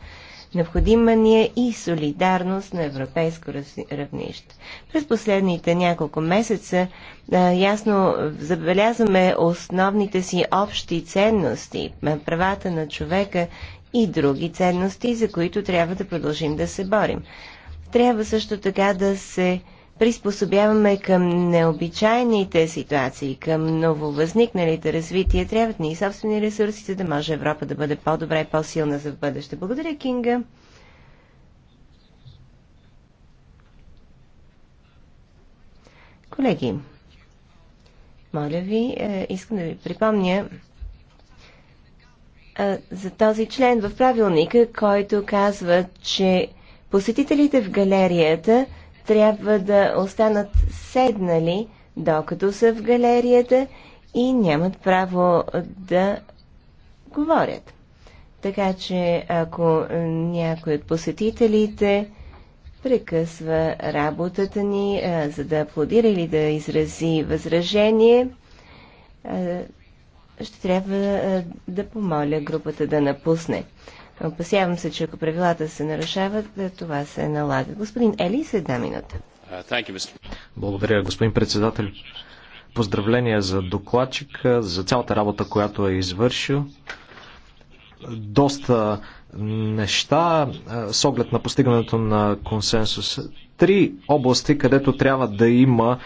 Необходима ни е и солидарност на европейско равнище. През последните няколко месеца е, ясно е, забелязваме основните си общи ценности, правата на човека и други ценности, за които трябва да продължим да се борим. Трябва също така да се приспособяваме към необичайните ситуации, към нововъзникналите развития. Трябват ни и собствени ресурси, за да може Европа да бъде по добра и по-силна за в бъдеще. Благодаря, Кинга. Колеги, моля ви, е, искам да ви припомня е, за този член в правилника, който казва, че Посетителите в галерията трябва да останат седнали, докато са в галерията и нямат право да говорят. Така че ако някой от посетителите прекъсва работата ни, а, за да аплодира или да изрази възражение, а, ще трябва а, да помоля групата да напусне. Опасявам се, че ако правилата се нарушават, това се налага. Господин Елис, една минута. Uh, Благодаря, господин председател. Поздравления за докладчика, за цялата работа, която е извършил. Доста неща uh, с оглед на постигането на консенсус. Три области, където трябва да има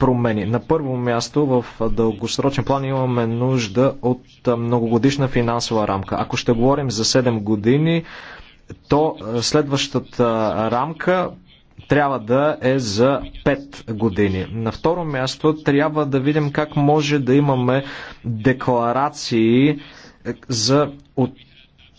промени. На първо място в дългосрочен план имаме нужда от многогодишна финансова рамка. Ако ще говорим за 7 години, то е, следващата рамка трябва да е за 5 години. На второ място трябва да видим как може да имаме декларации е, за от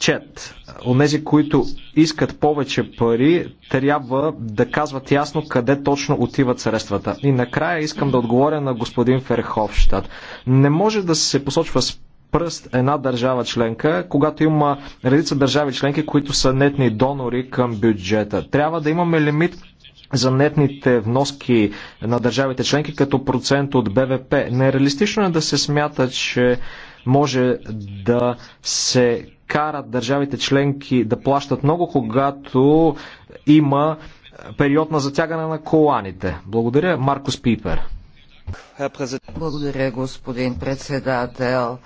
Чет. Онези, които искат повече пари, трябва да казват ясно къде точно отиват средствата. И накрая искам да отговоря на господин Ферховщад. Не може да се посочва с пръст една държава членка, когато има редица държави членки, които са нетни донори към бюджета. Трябва да имаме лимит за нетните вноски на държавите членки като процент от БВП. Нереалистично е да се смята, че може да се карат държавите членки да плащат много, когато има период на затягане на коланите. Благодаря, Маркус Пипер. Благодаря, господин председател.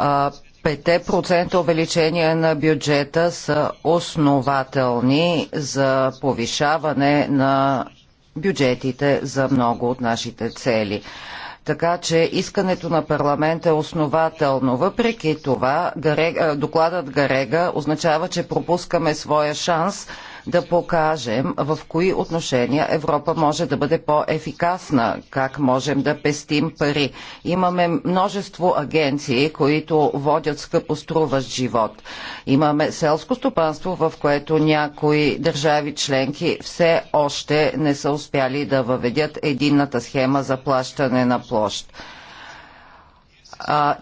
5% увеличение на бюджета са основателни за повишаване на бюджетите за много от нашите цели. Така че искането на парламент е основателно. Въпреки това, докладът Гарега означава, че пропускаме своя шанс да покажем в кои отношения Европа може да бъде по-ефикасна, как можем да пестим пари. Имаме множество агенции, които водят скъпо струващ живот. Имаме селско стопанство, в което някои държави членки все още не са успяли да въведят единната схема за плащане на площ.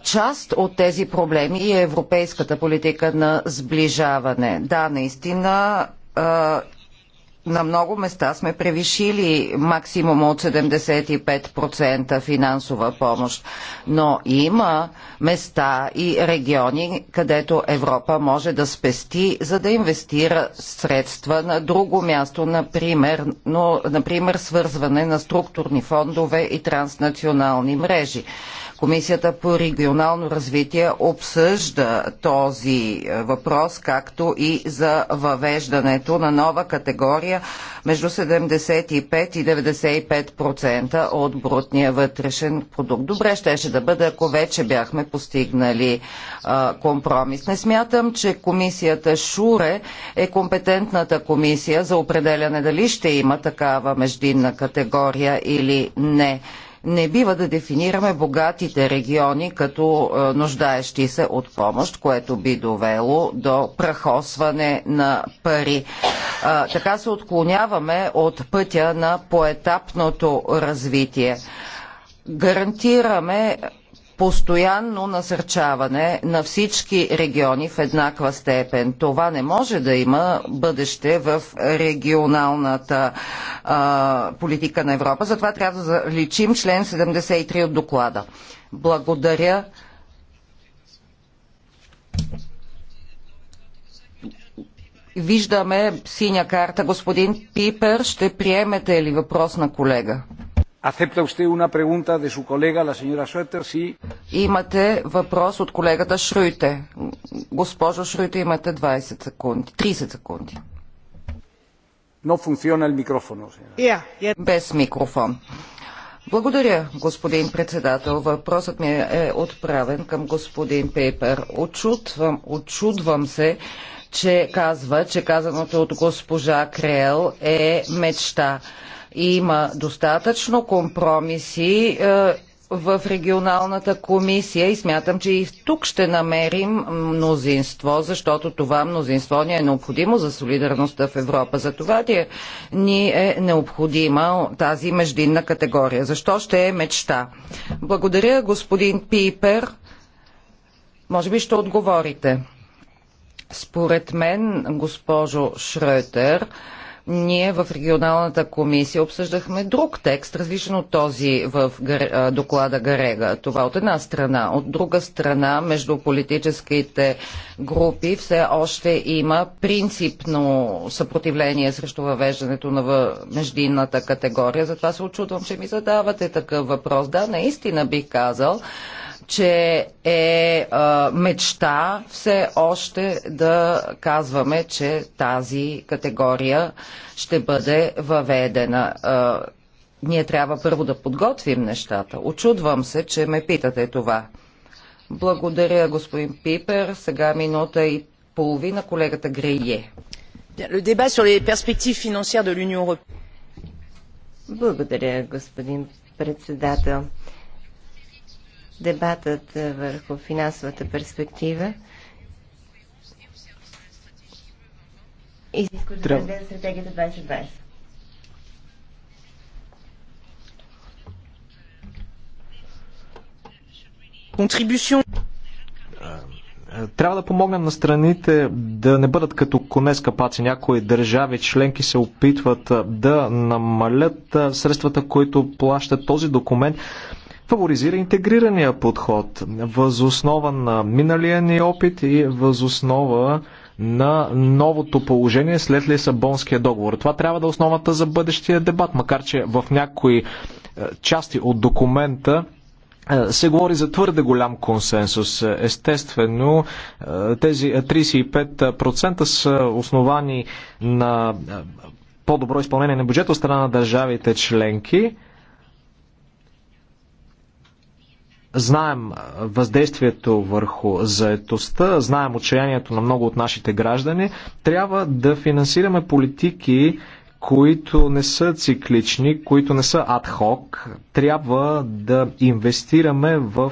Част от тези проблеми е европейската политика на сближаване. Да, наистина на много места сме превишили максимум от 75% финансова помощ, но има места и региони, където Европа може да спести, за да инвестира средства на друго място, например, но, например свързване на структурни фондове и транснационални мрежи. Комисията по регионално развитие обсъжда този е, въпрос, както и за въвеждането на нова категория между 75 и 95% от брутния вътрешен продукт. Добре щеше да бъде, ако вече бяхме постигнали а, е, компромис. Не смятам, че комисията Шуре е компетентната комисия за определяне дали ще има такава междинна категория или не. Не бива да дефинираме богатите региони като е, нуждаещи се от помощ, което би довело до прахосване на пари. Е, така се отклоняваме от пътя на поетапното развитие гарантираме постоянно насърчаване на всички региони в еднаква степен. Това не може да има бъдеще в регионалната а, политика на Европа. Затова трябва да заличим член 73 от доклада. Благодаря. Виждаме синя карта. Господин Пипер, ще приемете ли въпрос на колега? Acepta usted una pregunta de su colega, la señora Schroeter, sí? Имате въпрос от колегата Шруйте. Госпожо Шруйте, имате 20 секунди, 30 секунди. Но funciona el yeah, yeah. Без микрофон. Благодаря, господин председател. Въпросът ми е отправен към господин Пейпер. Очудвам, очудвам се, че казва, че казаното от госпожа Крел е мечта. Има достатъчно компромиси е, в регионалната комисия и смятам, че и тук ще намерим мнозинство, защото това мнозинство ни е необходимо за солидарността в Европа. За това е, ни е необходима тази междинна категория. Защо ще е мечта? Благодаря, господин Пипер. Може би ще отговорите. Според мен, госпожо Шретер, ние в регионалната комисия обсъждахме друг текст, различен от този в доклада Гарега. Това от една страна. От друга страна, между политическите групи все още има принципно съпротивление срещу въвеждането на междинната категория. Затова се очудвам, че ми задавате такъв въпрос. Да, наистина бих казал, че е а, мечта все още да казваме, че тази категория ще бъде въведена. А, ние трябва първо да подготвим нещата. Очудвам се, че ме питате това. Благодаря, господин Пипер. Сега минута и половина колегата Грейе. Le débat sur les perspectives financières de l'Union Благодаря, господин председател дебатът върху финансовата перспектива. Изисква да разгледа стратегията 2020. трябва да помогнем на страните да не бъдат като коне с капаци. Някои държави членки се опитват да намалят средствата, които плащат този документ фаворизира интегрирания подход, възоснова на миналия ни опит и възоснова на новото положение след Лисабонския договор. Това трябва да е основата за бъдещия дебат, макар че в някои е, части от документа е, се говори за твърде голям консенсус. Естествено, е, тези 35% са основани на по-добро изпълнение на бюджета от страна на държавите членки. Знаем въздействието върху заетостта, знаем отчаянието на много от нашите граждани. Трябва да финансираме политики, които не са циклични, които не са адхок, трябва да инвестираме в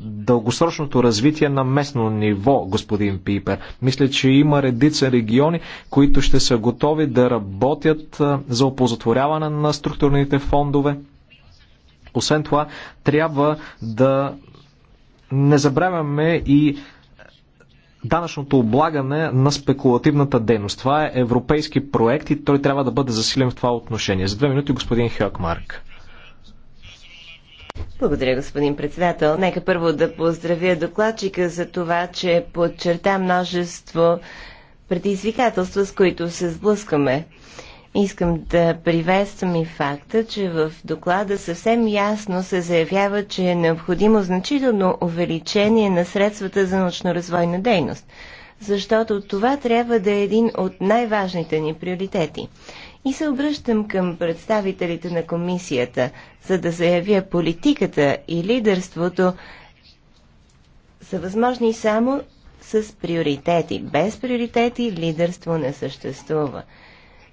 дългосрочното развитие на местно ниво, господин Пипер. Мисля, че има редица региони, които ще са готови да работят за оползотворяване на структурните фондове. Освен това, трябва да не забравяме и данъчното облагане на спекулативната дейност. Това е европейски проект и той трябва да бъде засилен в това отношение. За две минути господин Хьокмарк. Благодаря, господин председател. Нека първо да поздравя докладчика за това, че подчерта множество предизвикателства, с които се сблъскаме. Искам да приветствам и факта, че в доклада съвсем ясно се заявява, че е необходимо значително увеличение на средствата за научно-развойна дейност, защото това трябва да е един от най-важните ни приоритети. И се обръщам към представителите на комисията, за да заявя политиката и лидерството са възможни само с приоритети. Без приоритети лидерство не съществува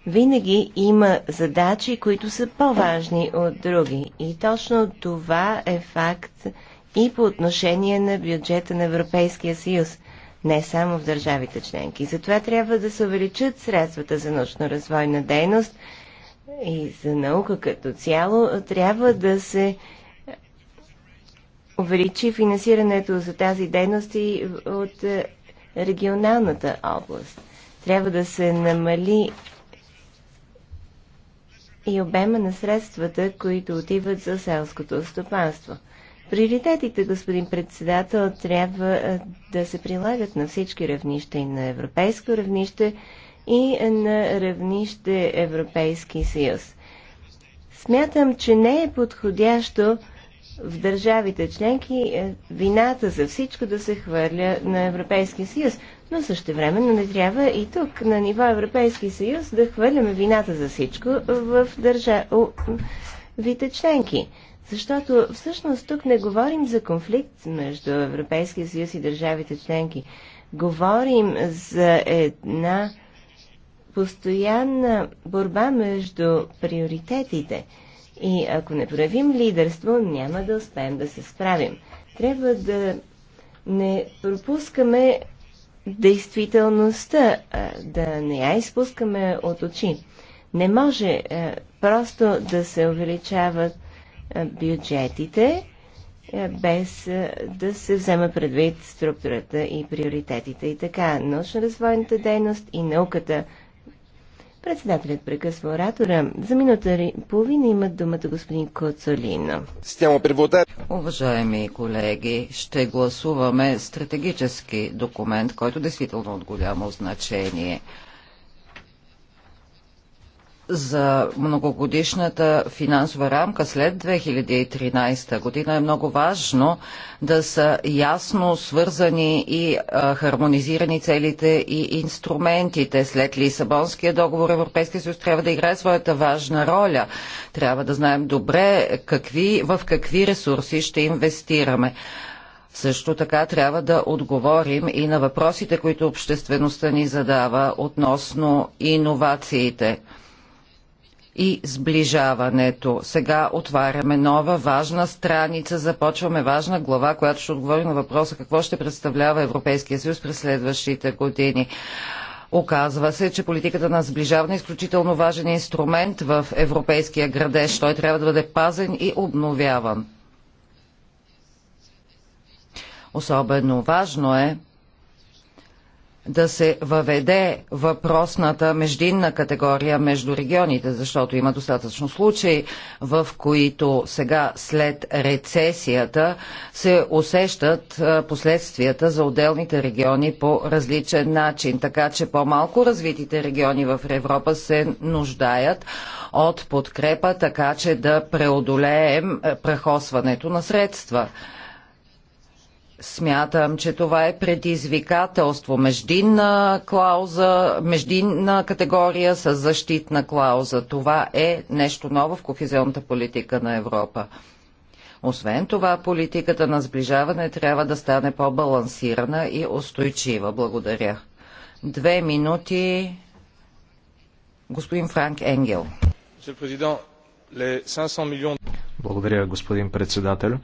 винаги има задачи, които са по-важни от други. И точно това е факт и по отношение на бюджета на Европейския съюз, не само в държавите членки. Затова трябва да се увеличат средствата за научно-развойна дейност и за наука като цяло. Трябва да се увеличи финансирането за тази дейност и от регионалната област. Трябва да се намали и обема на средствата, които отиват за селското стопанство. Приоритетите, господин председател, трябва да се прилагат на всички равнища и на европейско равнище и на равнище Европейски съюз. Смятам, че не е подходящо в държавите членки вината за всичко да се хвърля на Европейския съюз но също времено не трябва и тук на ниво Европейски съюз да хвърляме вината за всичко в държавите членки. Защото всъщност тук не говорим за конфликт между Европейския съюз и държавите членки. Говорим за една постоянна борба между приоритетите. И ако не проявим лидерство, няма да успеем да се справим. Трябва да не пропускаме действителността, да не я изпускаме от очи. Не може просто да се увеличават бюджетите, без да се взема предвид структурата и приоритетите. И така, научно-развойната дейност и науката Председателят прекъсва оратора. За минута и половина имат думата господин Коцолино. Уважаеми колеги, ще гласуваме стратегически документ, който действително от голямо значение за многогодишната финансова рамка след 2013 година е много важно да са ясно свързани и а, хармонизирани целите и инструментите. След Лисабонския договор Европейския съюз трябва да играе своята важна роля. Трябва да знаем добре какви, в какви ресурси ще инвестираме. Също така трябва да отговорим и на въпросите, които обществеността ни задава относно иновациите и сближаването. Сега отваряме нова важна страница, започваме важна глава, която ще отговори на въпроса какво ще представлява Европейския съюз през следващите години. Оказва се, че политиката на сближаване е изключително важен инструмент в европейския градеж. Той трябва да бъде пазен и обновяван. Особено важно е да се въведе въпросната междинна категория между регионите, защото има достатъчно случаи, в които сега след рецесията се усещат последствията за отделните региони по различен начин. Така че по-малко развитите региони в Европа се нуждаят от подкрепа, така че да преодолеем прехосването на средства. Смятам, че това е предизвикателство. Междинна клауза, междинна категория с защитна клауза. Това е нещо ново в кохезионната политика на Европа. Освен това, политиката на сближаване трябва да стане по-балансирана и устойчива. Благодаря. Две минути. Господин Франк Енгел. Благодаря, господин председател.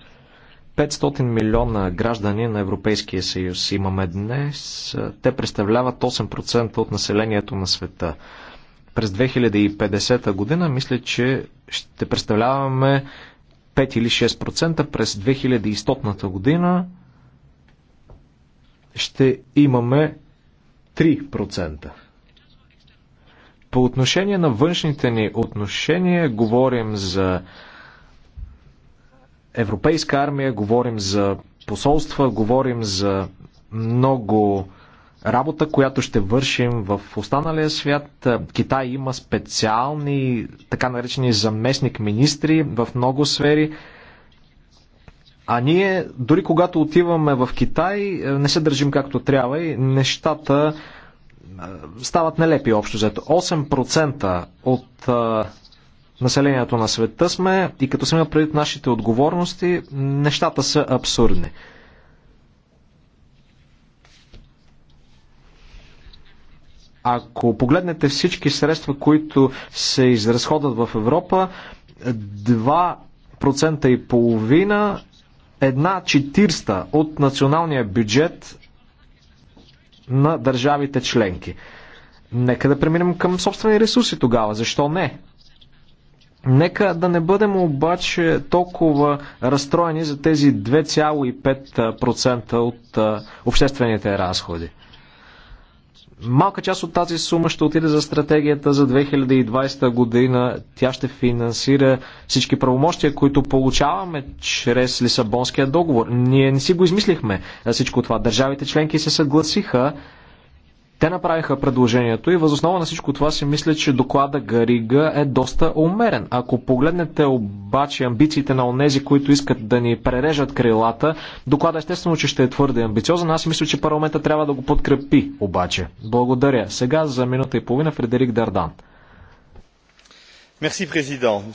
500 милиона граждани на Европейския съюз имаме днес. Те представляват 8% от населението на света. През 2050 година мисля, че ще представляваме 5 или 6%. През 2100 година ще имаме 3%. По отношение на външните ни отношения говорим за европейска армия, говорим за посолства, говорим за много работа, която ще вършим в останалия свят. Китай има специални, така наречени заместник министри в много сфери. А ние, дори когато отиваме в Китай, не се държим както трябва и нещата стават нелепи общо взето. 8% от населението на света сме и като сме преди предвид нашите отговорности, нещата са абсурдни. Ако погледнете всички средства, които се изразходват в Европа, 2% и половина, една четирста от националния бюджет на държавите членки. Нека да преминем към собствени ресурси тогава. Защо не? Нека да не бъдем обаче толкова разстроени за тези 2,5% от обществените разходи. Малка част от тази сума ще отиде за стратегията за 2020 година. Тя ще финансира всички правомощия, които получаваме чрез Лисабонския договор. Ние не си го измислихме всичко това. Държавите членки се съгласиха те направиха предложението и възоснова на всичко това си мисля, че доклада Гарига е доста умерен. Ако погледнете обаче амбициите на онези, които искат да ни прережат крилата, доклада естествено, че ще е твърде амбициозен. Аз мисля, че парламента трябва да го подкрепи обаче. Благодаря. Сега за минута и половина Фредерик Дардан. Мерси, президент.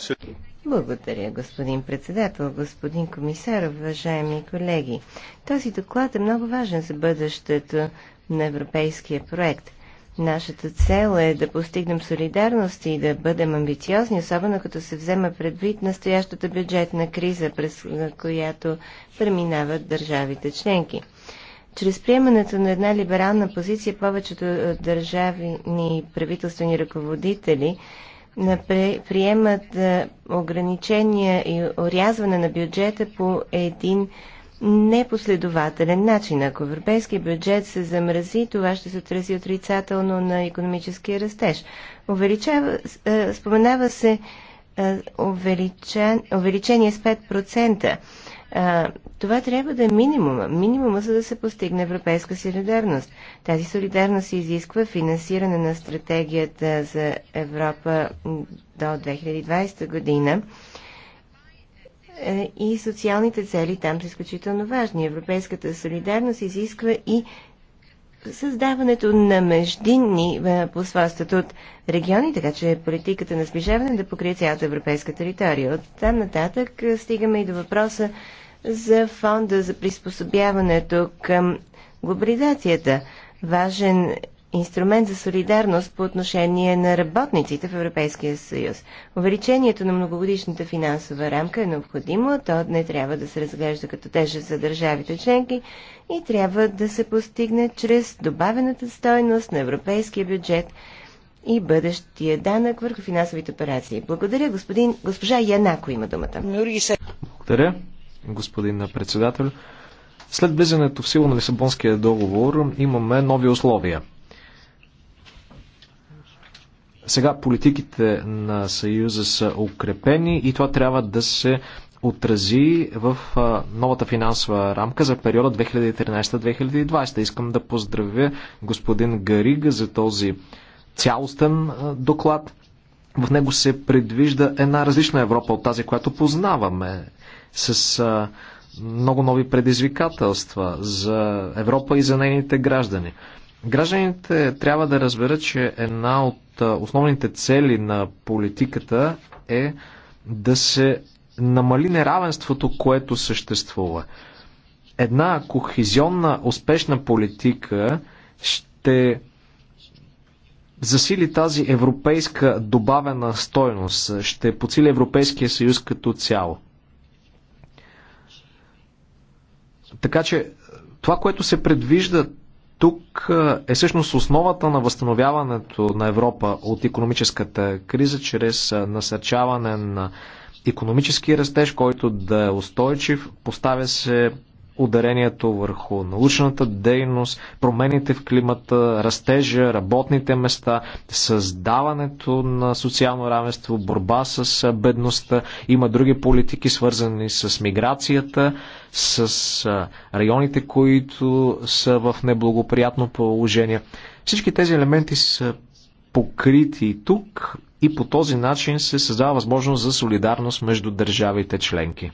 Благодаря, господин председател, господин комисар, уважаеми колеги. Този доклад е много важен за бъдещето на европейския проект. Нашата цел е да постигнем солидарност и да бъдем амбициозни, особено като се взема предвид настоящата бюджетна криза, през която преминават държавите членки. Чрез приемането на една либерална позиция повечето държавни правителствени ръководители приемат ограничения и орязване на бюджета по един непоследователен начин. Ако европейския бюджет се замрази, това ще се отрази отрицателно на економическия растеж. Увеличава, споменава се увеличен, увеличение с 5%. А, това трябва да е минимума. Минимума, за да се постигне европейска солидарност. Тази солидарност изисква финансиране на стратегията за Европа до 2020 година. Е, и социалните цели там са изключително важни. Европейската солидарност изисква и създаването на междинни е, посолства от региони, така че политиката на сближаване да покрие цялата европейска територия. От там нататък е, стигаме и до въпроса за фонда за приспособяването към глобализацията. Важен инструмент за солидарност по отношение на работниците в Европейския съюз. Увеличението на многогодишната финансова рамка е необходимо, то не трябва да се разглежда като тежест за държавите членки и трябва да се постигне чрез добавената стойност на европейския бюджет и бъдещия данък върху финансовите операции. Благодаря, господин, госпожа Янако има думата. Благодаря, господин председател. След влизането в сила на Лисабонския договор имаме нови условия. Сега политиките на Съюза са укрепени и това трябва да се отрази в новата финансова рамка за периода 2013-2020. Искам да поздравя господин Гарига за този цялостен доклад. В него се предвижда една различна Европа от тази, която познаваме, с много нови предизвикателства за Европа и за нейните граждани. Гражданите трябва да разберат, че една от основните цели на политиката е да се намали неравенството, което съществува. Една кохезионна, успешна политика ще засили тази европейска добавена стойност, ще подсили Европейския съюз като цяло. Така че това, което се предвижда тук е всъщност основата на възстановяването на Европа от економическата криза чрез насърчаване на економически растеж, който да е устойчив. Поставя се ударението върху научната дейност, промените в климата, растежа, работните места, създаването на социално равенство, борба с бедността. Има други политики, свързани с миграцията, с районите, които са в неблагоприятно положение. Всички тези елементи са покрити тук и по този начин се създава възможност за солидарност между държавите членки.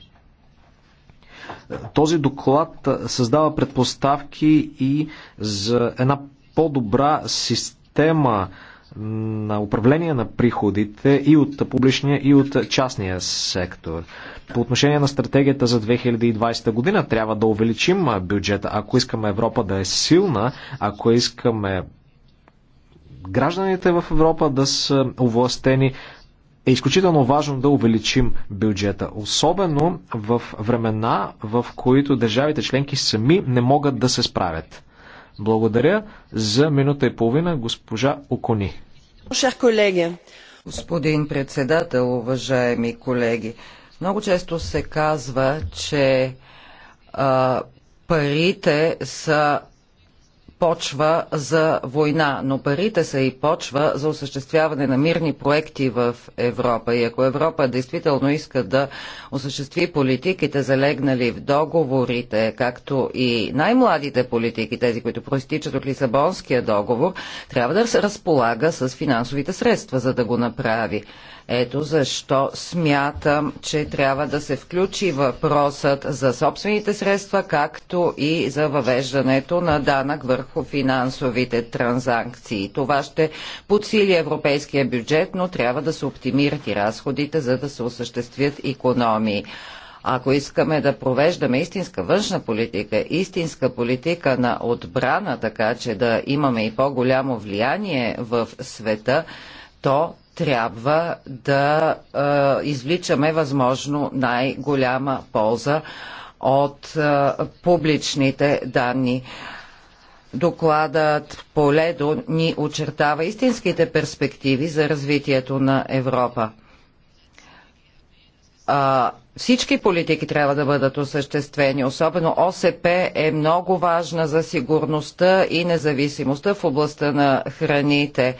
Този доклад създава предпоставки и за една по-добра система на управление на приходите и от публичния, и от частния сектор. По отношение на стратегията за 2020 година трябва да увеличим бюджета, ако искаме Европа да е силна, ако искаме гражданите в Европа да са овластени, е изключително важно да увеличим бюджета, особено в времена, в които държавите членки сами не могат да се справят. Благодаря за минута и половина, госпожа Окони. Господин председател, уважаеми колеги, много често се казва, че а, парите са почва за война, но парите са и почва за осъществяване на мирни проекти в Европа. И ако Европа действително иска да осъществи политиките, залегнали в договорите, както и най-младите политики, тези, които проистичат от Лисабонския договор, трябва да разполага с финансовите средства, за да го направи. Ето защо смятам, че трябва да се включи въпросът за собствените средства, както и за въвеждането на данък върху финансовите транзакции. Това ще подсили европейския бюджет, но трябва да се оптимират и разходите, за да се осъществят економии. Ако искаме да провеждаме истинска външна политика, истинска политика на отбрана, така че да имаме и по-голямо влияние в света, то трябва да а, извличаме възможно най-голяма полза от а, публичните данни. Докладът по ледо ни очертава истинските перспективи за развитието на Европа. А, всички политики трябва да бъдат осъществени. Особено ОСП е много важна за сигурността и независимостта в областта на храните.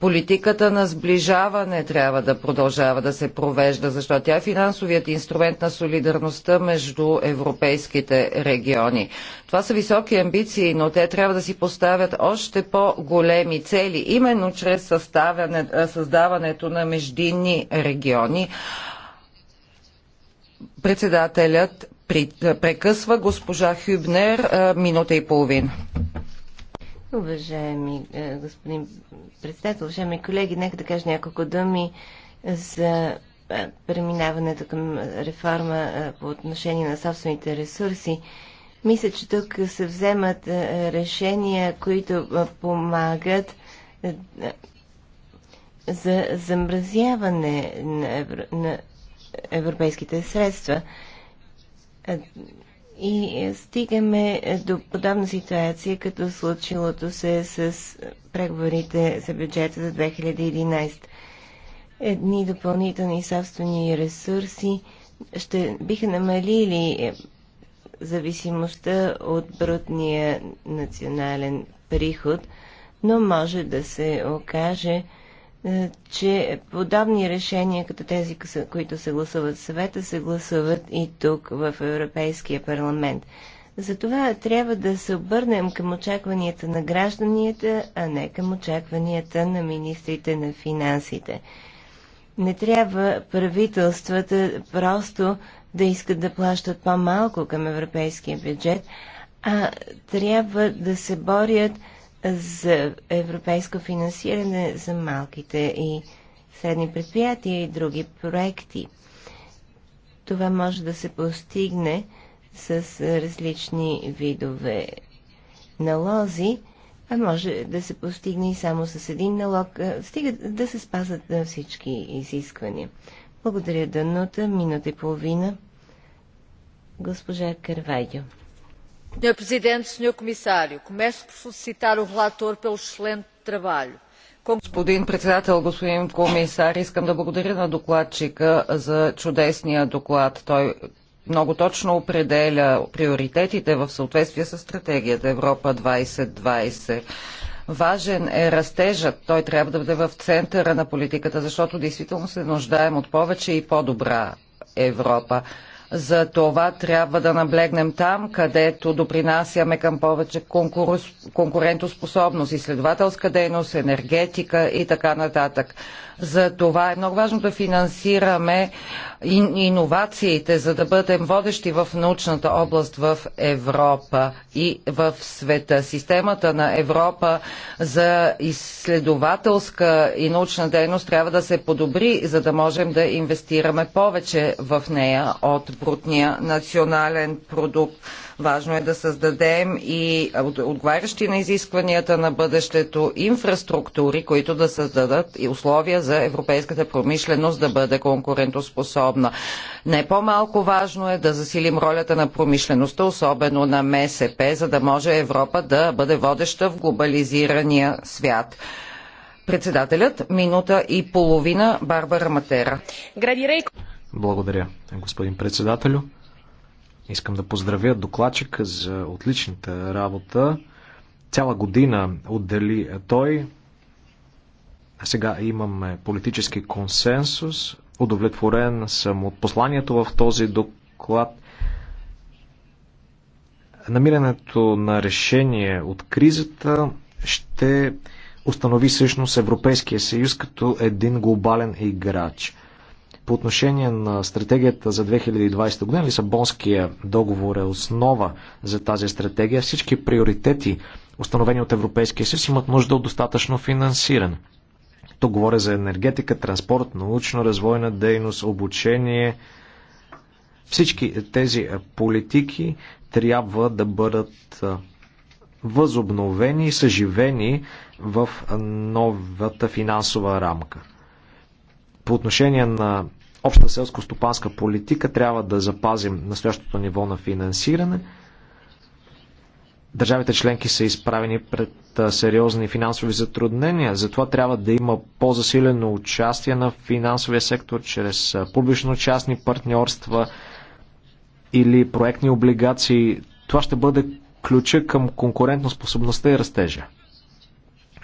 Политиката на сближаване трябва да продължава да се провежда, защото тя е финансовият инструмент на солидарността между европейските региони. Това са високи амбиции, но те трябва да си поставят още по-големи цели, именно чрез създаването на междинни региони. Председателят прекъсва госпожа Хюбнер минута и половина. Уважаеми е, господин председател, уважаеми колеги, нека да кажа няколко думи за е, преминаването към реформа е, по отношение на собствените ресурси. Мисля, че тук се вземат решения, които помагат за замразяване на европейските средства. И е, стигаме е, до подобна ситуация, като случилото се с е, преговорите за бюджета за 2011. Едни допълнителни собствени ресурси ще биха намалили зависимостта от брутния национален приход, но може да се окаже, е, че подобни решения, като тези, които се гласуват в съвета, се гласуват и тук, в Европейския парламент. Затова трябва да се обърнем към очакванията на гражданите, а не към очакванията на министрите на финансите. Не трябва правителствата просто да искат да плащат по-малко към европейския бюджет, а трябва да се борят за европейско финансиране за малките и средни предприятия и други проекти. Това може да се постигне с различни видове налози, а може да се постигне и само с един налог, стига да се спазват всички изисквания. Благодаря, Данута. Минута и половина. Госпожа Карвайо. Senhor Presidente, Senhor Comissário, começo por felicitar o relator pelo excelente trabalho. Господин председател, господин комисар, искам да благодаря на докладчика за чудесния доклад. Той много точно определя приоритетите в съответствие с стратегията Европа 2020. Важен е растежът. Той трябва да бъде в центъра на политиката, защото действително се нуждаем от повече и по-добра Европа. За това трябва да наблегнем там, където допринасяме към повече конкурс, конкурентоспособност, изследователска дейност, енергетика и така нататък. За това е много важно да финансираме иновациите, за да бъдем водещи в научната област в Европа и в света. Системата на Европа за изследователска и научна дейност трябва да се подобри, за да можем да инвестираме повече в нея от брутния национален продукт. Важно е да създадем и отговарящи на изискванията на бъдещето инфраструктури, които да създадат и условия за европейската промишленост да бъде конкурентоспособна. Не по-малко важно е да засилим ролята на промишлеността, особено на МСП, за да може Европа да бъде водеща в глобализирания свят. Председателят, минута и половина, Барбара Матера. Благодаря, господин председателю. Искам да поздравя докладчика за отличната работа. Цяла година отдели той. А сега имаме политически консенсус. Удовлетворен съм от посланието в този доклад. Намирането на решение от кризата ще установи всъщност Европейския съюз като един глобален играч по отношение на стратегията за 2020 година, Лисабонския договор е основа за тази стратегия. Всички приоритети, установени от Европейския съюз, имат нужда от достатъчно финансиране. Тук говоря за енергетика, транспорт, научно-развойна дейност, обучение. Всички тези политики трябва да бъдат възобновени и съживени в новата финансова рамка. По отношение на обща селско-стопанска политика трябва да запазим настоящото ниво на финансиране. Държавите членки са изправени пред сериозни финансови затруднения, затова трябва да има по-засилено участие на финансовия сектор чрез публично-частни партньорства или проектни облигации. Това ще бъде ключа към конкурентоспособността и растежа.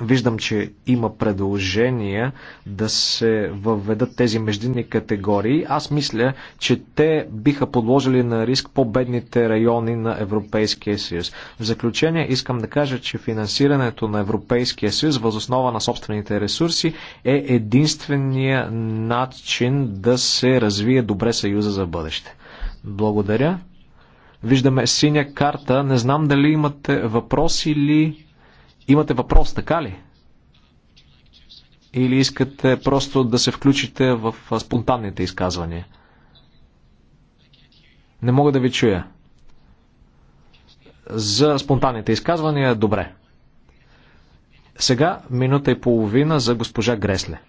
Виждам, че има предложения да се въведат тези междинни категории. Аз мисля, че те биха подложили на риск по-бедните райони на Европейския съюз. В заключение искам да кажа, че финансирането на Европейския съюз възоснова на собствените ресурси е единствения начин да се развие добре съюза за бъдеще. Благодаря. Виждаме синя карта. Не знам дали имате въпрос или Имате въпрос, така ли? Или искате просто да се включите в спонтанните изказвания? Не мога да ви чуя. За спонтанните изказвания, добре. Сега минута и половина за госпожа Гресле.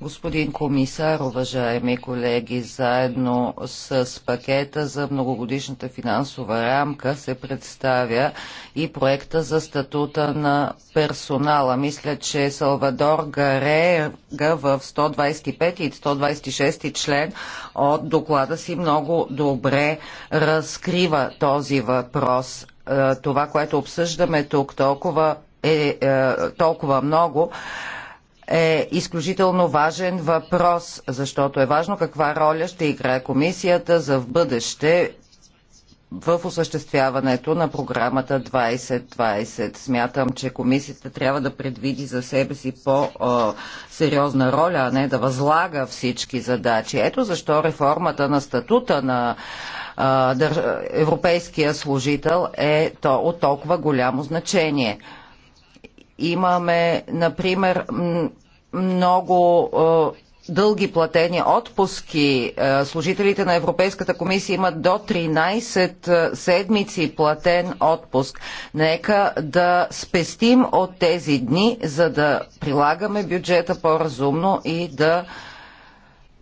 Господин комисар, уважаеми колеги, заедно с пакета за многогодишната финансова рамка се представя и проекта за статута на персонала. Мисля, че Салвадор Гарега в 125 и 126 член от доклада си много добре разкрива този въпрос. Е, това, което обсъждаме тук толкова е, е толкова много, е изключително важен въпрос, защото е важно каква роля ще играе комисията за в бъдеще в осъществяването на програмата 2020. Смятам, че комисията трябва да предвиди за себе си по-сериозна роля, а не да възлага всички задачи. Ето защо реформата на статута на европейския служител е от толкова голямо значение. Имаме, например, много дълги платени отпуски. Служителите на Европейската комисия имат до 13 седмици платен отпуск. Нека да спестим от тези дни, за да прилагаме бюджета по-разумно и да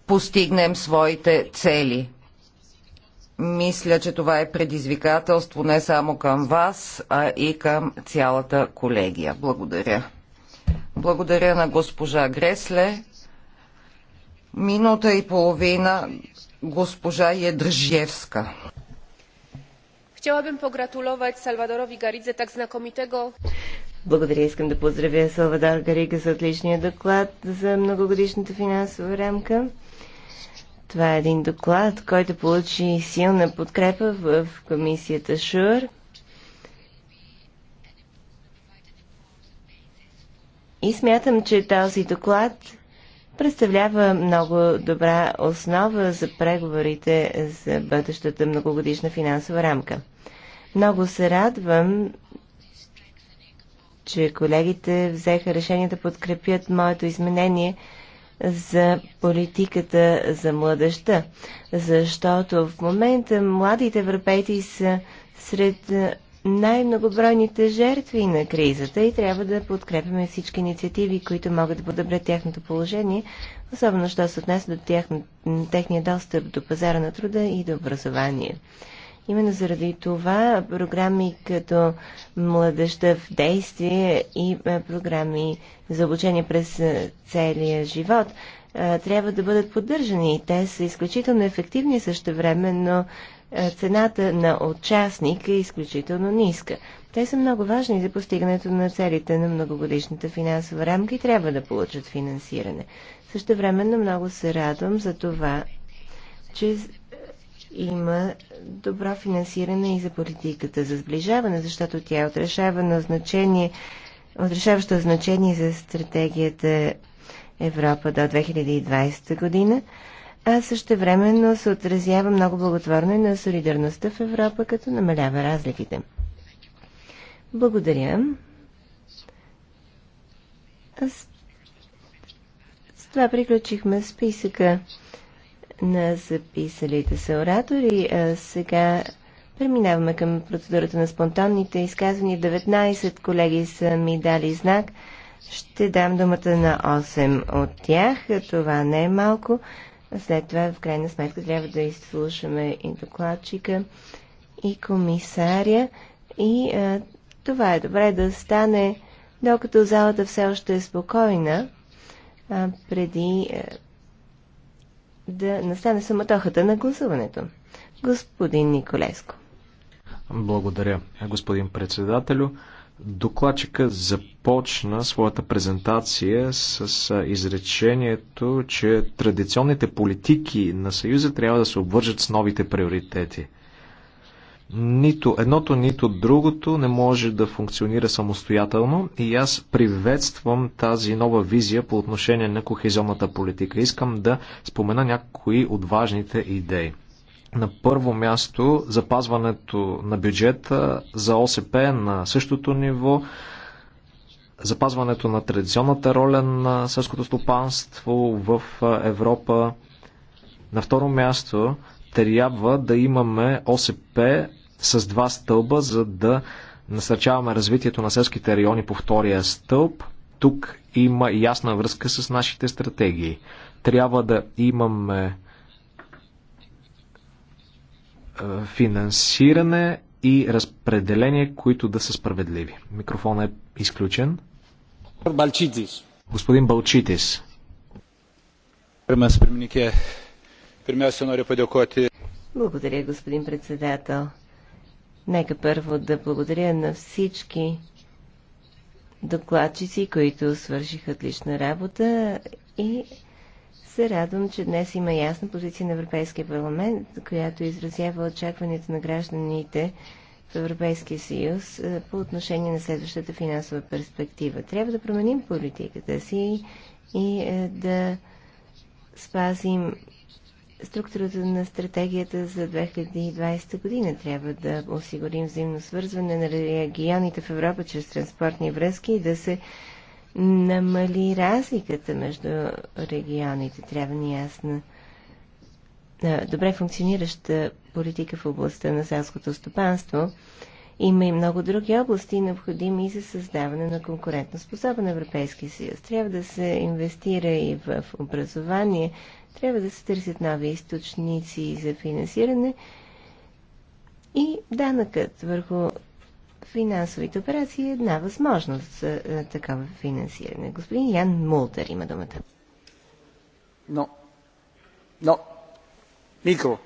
постигнем своите цели. Мисля, че това е предизвикателство не само към вас, а и към цялата колегия. Благодаря. Благодаря на госпожа Гресле. Минута и половина госпожа Едржевска. Chciałabym pogratulować Salwadorowi tak znakomitego. Благодаря. Искам да поздравя Салвадор Гарига за отличния доклад за многогодишната финансова рамка. Това е един доклад, който получи силна подкрепа в комисията ШУР. И смятам, че този доклад представлява много добра основа за преговорите за бъдещата многогодишна финансова рамка. Много се радвам, че колегите взеха решение да подкрепят моето изменение – за политиката за младеща, защото в момента младите европейци са сред е, най-многобройните жертви на кризата и трябва да подкрепяме всички инициативи, които могат да подобрят тяхното положение, особено що се отнесе до тях, техния достъп до пазара на труда и до образование. Именно заради това програми като Младежта в действие и е, програми за обучение през е, целия живот е, трябва да бъдат поддържани. Те са изключително ефективни също време, но цената на участник е изключително ниска. Те са много важни за постигането на целите на многогодишната финансова рамка и трябва да получат финансиране. Също времено много се радвам за това, че има добро финансиране и за политиката за сближаване, защото тя е отрешавано значение, отрешаващо значение за стратегията Европа до 2020 година, а също времено се отразява много благотворно и на солидарността в Европа, като намалява разликите. Благодаря. С, с това приключихме списъка на записалите се оратори. А сега преминаваме към процедурата на спонтанните изказвания. 19 колеги са ми дали знак. Ще дам думата на 8 от тях. Това не е малко. След това, в крайна сметка, трябва да изслушаме и докладчика, и комисаря. И а, това е добре да стане, докато залата все още е спокойна, а, преди а, да настане самотохата на гласуването. Господин Николеско. Благодаря, господин председателю. Докладчика започна своята презентация с изречението, че традиционните политики на Съюза трябва да се обвържат с новите приоритети нито едното, нито другото не може да функционира самостоятелно и аз приветствам тази нова визия по отношение на кохезионната политика. Искам да спомена някои от важните идеи. На първо място запазването на бюджета за ОСП на същото ниво, запазването на традиционната роля на сърското стопанство в Европа. На второ място трябва да имаме ОСП с два стълба, за да насърчаваме развитието на селските райони по втория стълб. Тук има ясна връзка с нашите стратегии. Трябва да имаме финансиране и разпределение, които да са справедливи. Микрофонът е изключен. Балчитис. Господин Балчитис. Благодаря, господин председател. Нека първо да благодаря на всички докладчици, които свършиха отлична работа и се радвам, че днес има ясна позиция на Европейския парламент, която изразява очакванията на гражданите в Европейския съюз е, по отношение на следващата финансова перспектива. Трябва да променим политиката си и е, да спазим структурата на стратегията за 2020 година. Трябва да осигурим взаимно свързване на регионите в Европа чрез транспортни връзки и да се намали разликата между регионите. Трябва ни ясна добре функционираща политика в областта на селското стопанство. Има и много други области, необходими и за създаване на конкурентно способен Европейски съюз. Трябва да се инвестира и в образование, трябва да се търсят нови източници за финансиране и данъкът върху финансовите операции е една възможност за е, такава финансиране. Господин Ян Мултер има думата. Но. Но. Микро.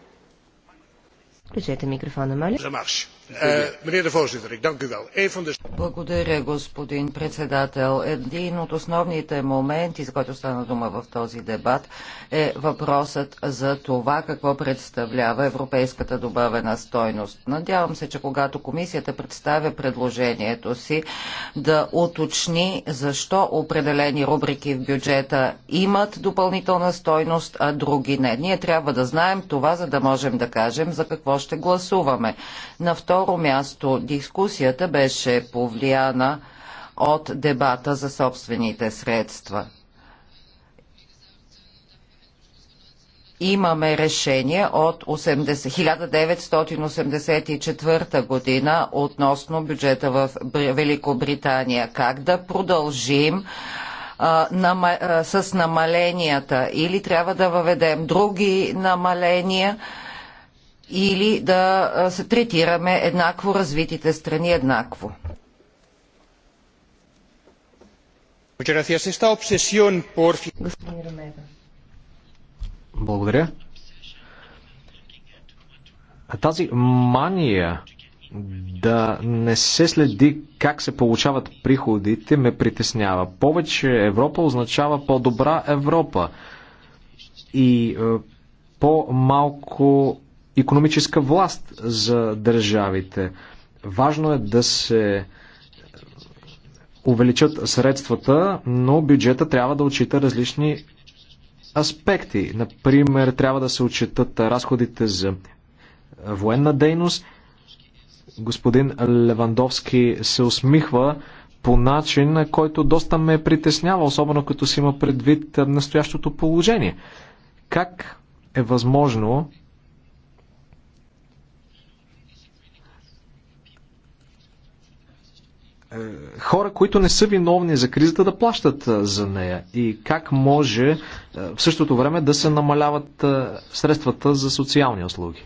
Включете микрофона, моля. За марш. Е, Благодаря, господин председател. Един от основните моменти, за който стана дума в този дебат, е въпросът за това какво представлява европейската добавена стойност. Надявам се, че когато комисията представя предложението си да уточни защо определени рубрики в бюджета имат допълнителна стойност, а други не. Ние трябва да знаем това, за да можем да кажем за какво ще гласуваме. На второ място, дискусията беше повлияна от дебата за собствените средства. имаме решение от 80, 1984 година относно бюджета в Великобритания. Как да продължим а, нама, а, с намаленията или трябва да въведем други намаления? или да се третираме еднакво развитите страни еднакво. Благодаря. Тази мания да не се следи как се получават приходите ме притеснява. Повече Европа означава по-добра Европа и е, по-малко економическа власт за държавите. Важно е да се увеличат средствата, но бюджета трябва да отчита различни аспекти. Например, трябва да се отчитат разходите за военна дейност. Господин Левандовски се усмихва по начин, който доста ме притеснява, особено като си има предвид настоящото положение. Как е възможно Е, хора, които не са виновни за кризата, да плащат е, за нея? И как може е, в същото време да се намаляват средствата за социални услуги?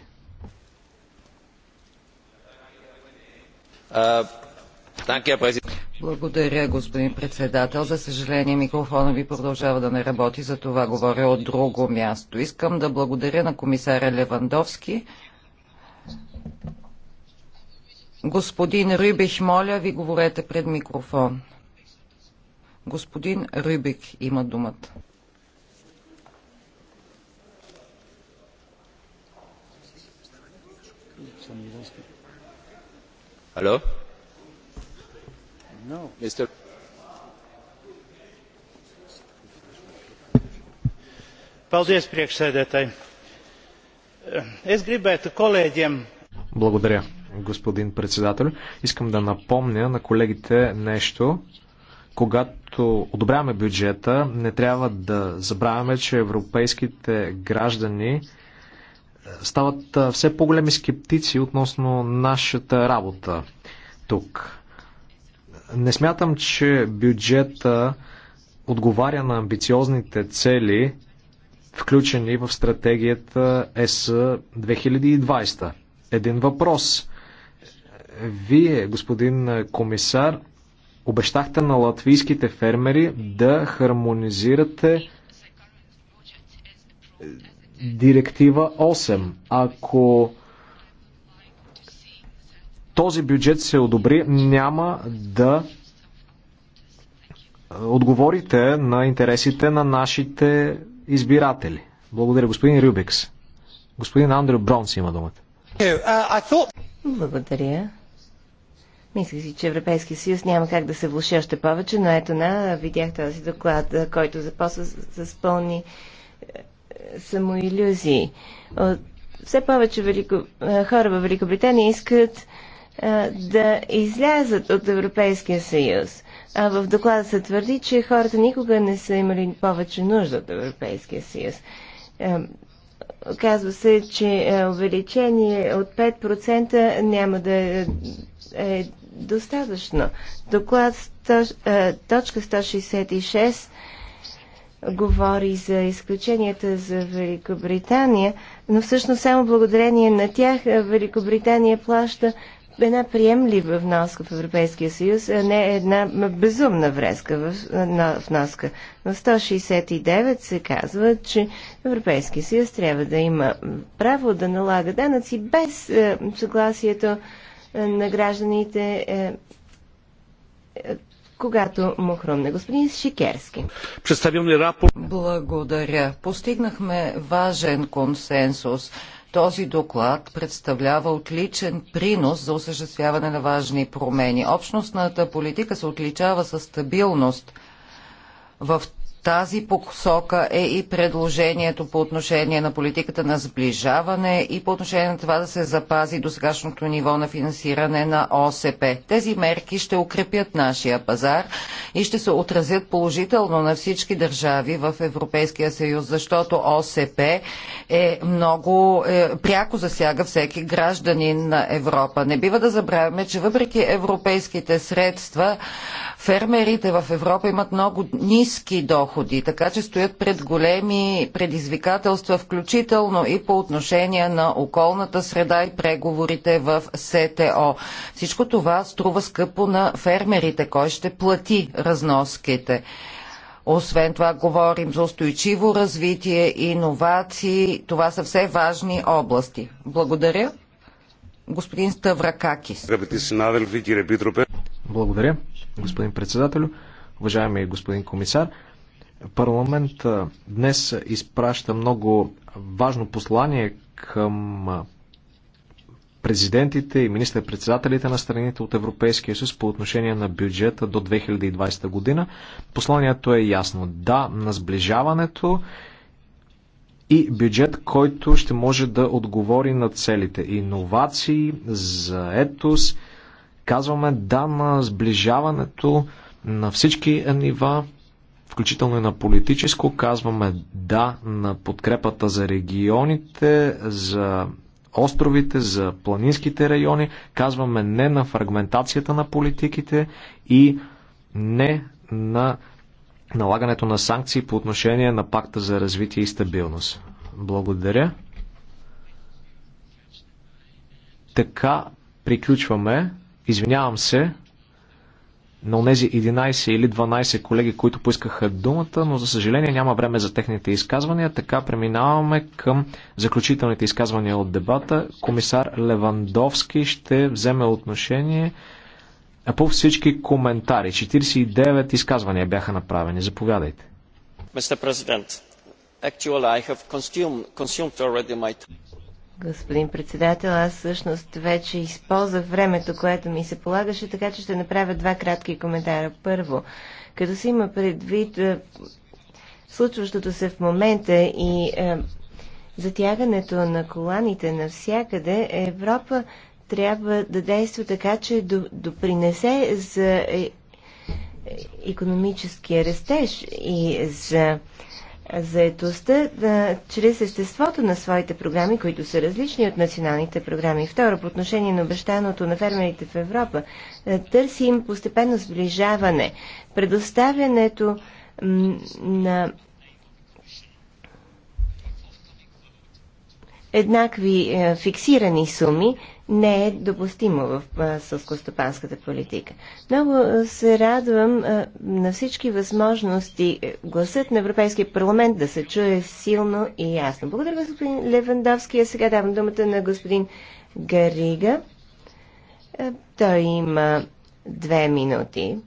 Благодаря, господин председател. За съжаление, микрофона ви продължава да не работи, за това говоря от друго място. Искам да благодаря на комисаря Левандовски Господин Рюбих, моля ви, говорете пред микрофон. Господин Рюбик има думата. Алло? Благодаря господин председател. Искам да напомня на колегите нещо. Когато одобряваме бюджета, не трябва да забравяме, че европейските граждани е, стават е, все по-големи скептици относно нашата работа тук. Не смятам, че бюджета отговаря на амбициозните цели, включени в стратегията ЕС 2020. Един въпрос. Вие, господин комисар, обещахте на латвийските фермери да хармонизирате директива 8. Ако този бюджет се одобри, няма да отговорите на интересите на нашите избиратели. Благодаря, господин Рюбекс. Господин Андрю Бронс има думата. Благодаря. Мислих си, че Европейския съюз няма как да се влуши още повече, но ето на, видях този доклад, който започва с, с пълни е, самоиллюзии. Все повече велико, е, хора в Великобритания искат а, е, да излязат от Европейския съюз. А в доклада се твърди, че хората никога не са имали повече нужда от Европейския съюз. Казва се, че увеличение от 5% няма да е достатъчно. Доклад е, точка 166 говори за изключенията за Великобритания, но всъщност само благодарение на тях е, Великобритания плаща една приемлива вноска в Европейския съюз, а не една безумна врезка в, на, вноска. В 169 се казва, че Европейския съюз трябва да има право да налага данъци без е, съгласието е, на гражданите, е, е, когато му хрумне. Господин Шикерски. Представям рапорт. Благодаря. Постигнахме важен консенсус. Този доклад представлява отличен принос за осъществяване на важни промени. Общностната политика се отличава със стабилност. В тази посока е и предложението по отношение на политиката на сближаване и по отношение на това да се запази до сегашното ниво на финансиране на ОСП. Тези мерки ще укрепят нашия пазар и ще се отразят положително на всички държави в Европейския съюз, защото ОСП е много е, пряко засяга всеки гражданин на Европа. Не бива да забравяме, че въпреки европейските средства, фермерите в Европа имат много ниски доходи доходи, така че стоят пред големи предизвикателства, включително и по отношение на околната среда и преговорите в СТО. Всичко това струва скъпо на фермерите, кой ще плати разноските. Освен това говорим за устойчиво развитие, иновации. Това са все важни области. Благодаря. Господин Ставракакис. Благодаря, господин председател, уважаеми господин комисар. Парламент днес изпраща много важно послание към президентите и министър-председателите на страните от Европейския съюз по отношение на бюджета до 2020 година. Посланието е ясно. Да, на сближаването и бюджет, който ще може да отговори на целите. Иновации, заетост, казваме да на сближаването на всички нива включително и на политическо, казваме да на подкрепата за регионите, за островите, за планинските райони, казваме не на фрагментацията на политиките и не на налагането на санкции по отношение на пакта за развитие и стабилност. Благодаря. Така приключваме. Извинявам се на тези 11 или 12 колеги, които поискаха думата, но за съжаление няма време за техните изказвания. Така преминаваме към заключителните изказвания от дебата. Комисар Левандовски ще вземе отношение по всички коментари. 49 изказвания бяха направени. Заповядайте господин председател. Аз всъщност вече използвах времето, което ми се полагаше, така че ще направя два кратки коментара. Първо, като се има предвид е, случващото се в момента и е, затягането на коланите навсякъде, Европа трябва да действа така, че допринесе за е, е, економическия растеж и за заедостта да, чрез естеството на своите програми, които са различни от националните програми. Второ, по отношение на обещаното на фермерите в Европа, е, търсим постепенно сближаване, предоставянето на еднакви е, фиксирани суми не е допустимо в сълскостопанската политика. Много се радвам на всички възможности е, гласът на Европейския парламент да се чуе силно и ясно. Благодаря, господин Левандовски. А сега давам думата на господин Гарига. той има две минути.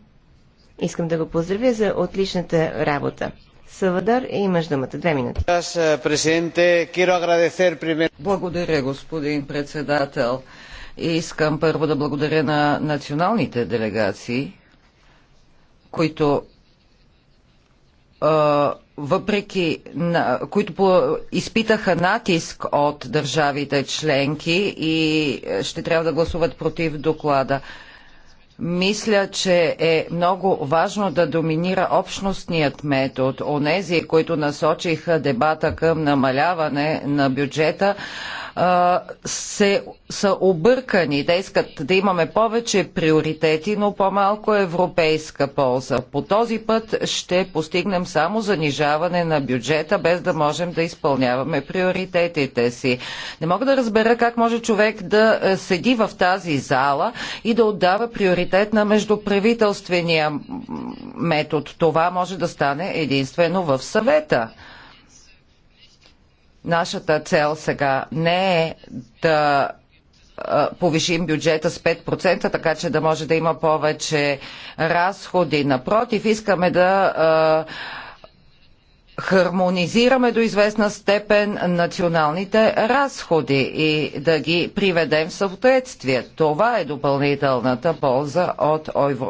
Искам да го поздравя за отличната работа. Савадар, имаш думата. Две минути. Eh, благодаря, господин председател. Искам първо да благодаря на националните делегации, които въпреки на, които по, изпитаха натиск от държавите членки и ще трябва да гласуват против доклада мисля, че е много важно да доминира общностният метод. Онези, които насочиха дебата към намаляване на бюджета, се, са объркани. Те искат да имаме повече приоритети, но по-малко европейска полза. По този път ще постигнем само занижаване на бюджета, без да можем да изпълняваме приоритетите си. Не мога да разбера как може човек да седи в тази зала и да отдава приоритет на междуправителствения метод. Това може да стане единствено в съвета. Нашата цел сега не е да повишим бюджета с 5%, така че да може да има повече разходи. Напротив, искаме да хармонизираме до известна степен националните разходи и да ги приведем в съответствие. Това е допълнителната полза от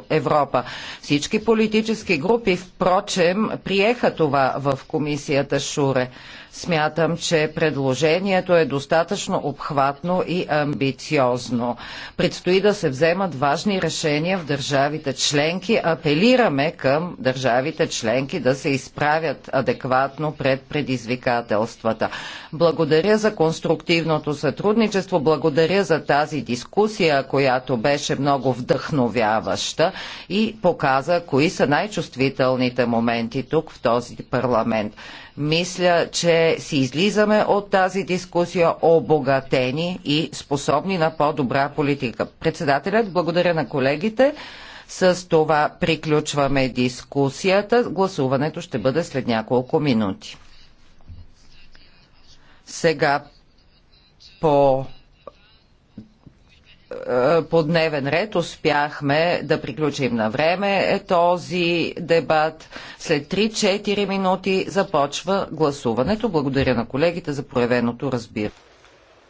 Европа. Всички политически групи, впрочем, приеха това в комисията Шуре. Смятам, че предложението е достатъчно обхватно и амбициозно. Предстои да се вземат важни решения в държавите членки. Апелираме към държавите членки да се изправят адекватно пред предизвикателствата. Благодаря за конструктивното сътрудничество, благодаря за тази дискусия, която беше много вдъхновяваща и показа кои са най-чувствителните моменти тук в този парламент. Мисля, че си излизаме от тази дискусия обогатени и способни на по-добра политика. Председателят, благодаря на колегите. С това приключваме дискусията. Гласуването ще бъде след няколко минути. Сега по е, по дневен ред успяхме да приключим на време е, този дебат. След 3-4 минути започва гласуването. Благодаря на колегите за проявеното разбиране.